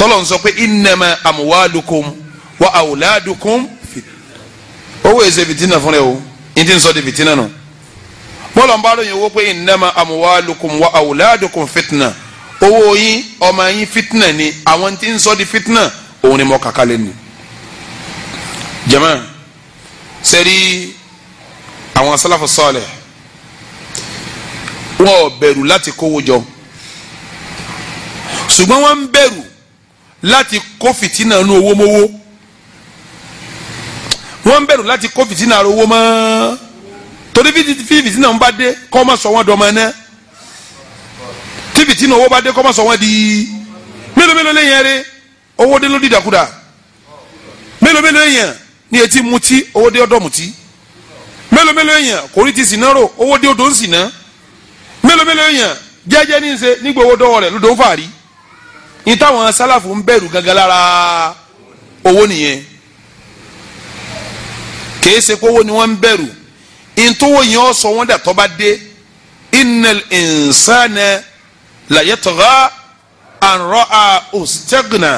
tọ́lọ̀ ń sọ pé innama amwalukum wa awladukum owó èsè fìtínà fún rẹ o n ti sọ di fìtínà nù bọ́lọ̀ ń bá lóyún owó pé innama amwalukum wa awladukum fìtínà owó yín ọmọ yín fìtínà ni àwọn tí ń sọ di fìtínà òun ni mo kàkà lé ni. jama sẹ́rí àwọn asálàfù sọ́ọ̀lẹ̀ wọn ò bẹ̀rù láti kówó jọ ṣùgbọ́n wọ́n ń bẹ̀rù láti kó fìtínà nu owó mówó wọ́n ń bẹ̀rù láti kó fìtínà owó mọ́ torí bí fìtínà ń bá dé kọ́ ma sọ tí fìtínà owó bá ma sọ di mélòó mélòó lè yẹn rè owó dé ló di dàkúdà mélòó mélòó yẹn ní etí mutí owó dé ọ̀dọ̀ mutí mélòó mélòó yẹn ti sìn rò owó dé odò ń ní táwọn sálàfù ń bẹ̀rù gangan lára owó nìyẹn kìí ṣe kówó ni wọ́n ń bẹ̀rù ìtòwò yẹn ó sọ wọ́n dà tó dé innal insana la yatgha an ra'a ustaghna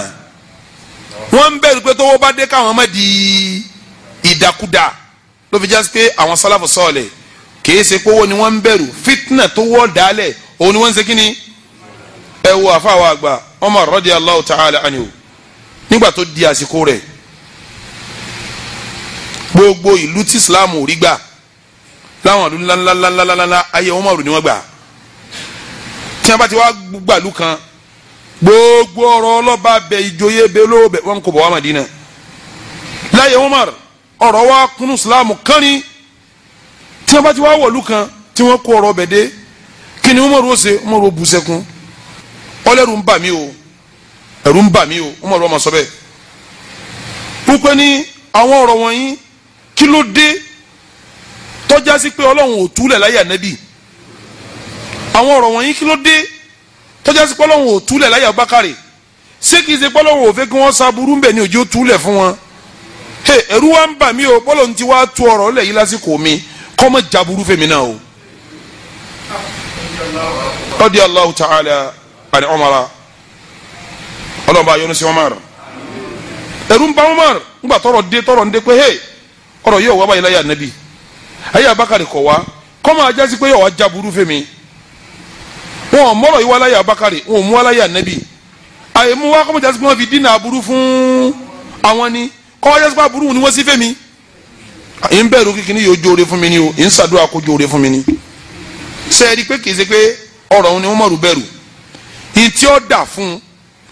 wọ́n ń bẹ̀rù pé tówó bá dé káwọn má di ìdàkudà ló fi jásí pé àwọn sálàfù sọ̀ọ̀lẹ̀ kìí ṣe kówó ni wọ́n ń bẹ̀rù fitna tó wọ́ dálẹ̀ òun ni wọ́n ń ṣe kí ni ẹ wo àfa àwọn àgbà. Umar radiyallahu ta'ala anhu nígbà tó di àsìkò rẹ̀ gbogbo ìlú tí islam ò rí gbà láwọn ìlú ńláńláńláńláńlá ayé Umar ni wọ́n gbà tí wọ́n bá ti wá gbàlú kan gbogbo ọ̀rọ̀ ọlọ́ba bẹ ìjòyè bẹ lóòbẹ wọn kò bọ̀ wá Madina láyé Umar ọ̀rọ̀ wa kunu islam kánni tí wọ́n bá ti wá wọ̀lú kan tí wọ́n kó ọ̀rọ̀ bẹ̀ dé kí ni Umar ó ṣe Umar ó bu sẹ́kún ọlẹ́rù ń bà mí o ẹ̀rù ń bà mí o wọ́n mọ̀ lọ́wọ́ ma sọ bẹ́ẹ̀. wípé ní àwọn ọ̀rọ̀ wọ̀nyí kí ló dé tọ́já sí pé ọlọ́run ò túlẹ̀ láyé ànábì àwọn ọ̀rọ̀ wọ̀nyí kí ló dé tọ́já sí pé ọlọ́run ò túlẹ̀ láyé àbákàrè ṣé kìí ṣe pé ọlọ́run kí wọ́n sa burú mbẹ̀ ni òjò túlẹ̀ fún wọn he ẹ̀rù wa ń bà mí o bọ́lọ̀ ti wá ani Umar Ọlọ́run bá yọ́nú sí Umar ẹ̀rù ń bà Umar ńgbà tọrọ dé tọrọ ń dé pé hey ọ̀rọ̀ yóò wá báyìí láyé ànábì ayé abakari kọ̀ wá kọ́mọ ajá sí pé yóò wá já burú fèmí wọn ò mọ̀rọ̀ yìí wá láyé abakari wọn ò mú wá láyé ànábì àyè mú wá kọ́mọ ajá sí pé wọ́n fi dínà aburú fún àwọn ni kọ́mọ ajá pé aburú ni wọ́n sí fèmí n bẹ̀rù kíkiní yóò jóore fún mi ni o n ṣàdúrà kó jóore fún mi ni sẹ́ẹ̀rí pé kì í pé ọ̀rọ̀ òun ni wọ́n mọ̀rù bẹ̀rù ìtí ó dà fún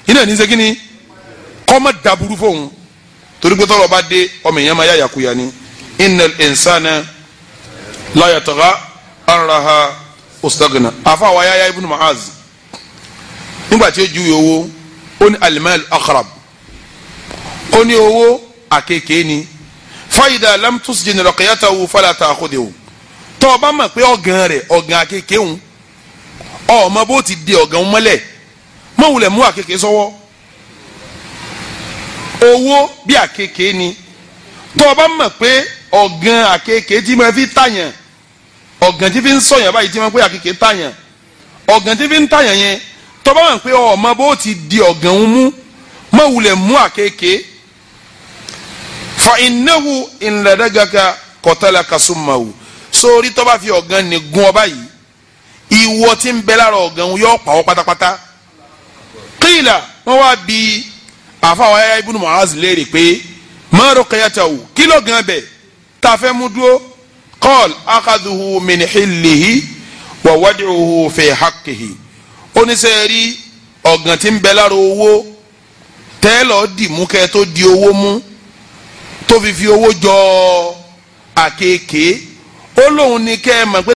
iná ní sẹ́kínní kọ́mọ dàbúrú fóun torí pé tọ́lọ̀ bá dé ọmọ èèyàn máa yá yàkuyà ni innal insana la yatgha an raha ustaghna afa wa yaya ibn mu'az nígbà tí ó ju owó ó ní alimal akhrab ó ní owó àkekèé ni fayida lam tusjin raqiyatahu fala ta'khudhu tọ́ ọ bá mọ̀ pé ọ̀gàn rẹ̀ ọ̀gàn àkekèé òun ọ̀ọ́mọ bó ti di ọ̀gàn mọ́lẹ̀ mọ̀wulẹ̀ mú àkekèé sọ́wọ́ owó bí àkekèé ni tó o bá mọ̀ pé ọ̀gàn àkekèé tí máa fi tàyàn ọ̀gàn tí fi ń sọ̀yàn báyìí tí máa pé àkekèé tàyàn ọ̀gàn tí fi ń tàyàn yẹn tó o bá mọ̀ pé ọmọ bó ti di ọ̀gàn ń mú mọ̀wulẹ̀ mú àkekèé fa innahu ìnlẹ̀dẹ́gàkà kọ̀tàlà kàsùnmáwò sórí tó bá fi ọ̀gàn nìgun ọba yìí ìwọ tí ń bẹ lára ọ̀gàn yóò pa ọ́ pátápátá qila wọn wá bi àfàwọn ẹ̀yà ibùdó mu'az léèrè pé ma kí ló gan bẹ̀ tá a dúró qal akhadhuhu wa wad'uhu fi oníṣẹ́rí ọ̀gàn tí ń bẹ lára owó tẹ́lọ̀ dì mú kẹ́ tó di owó jọ ó lóun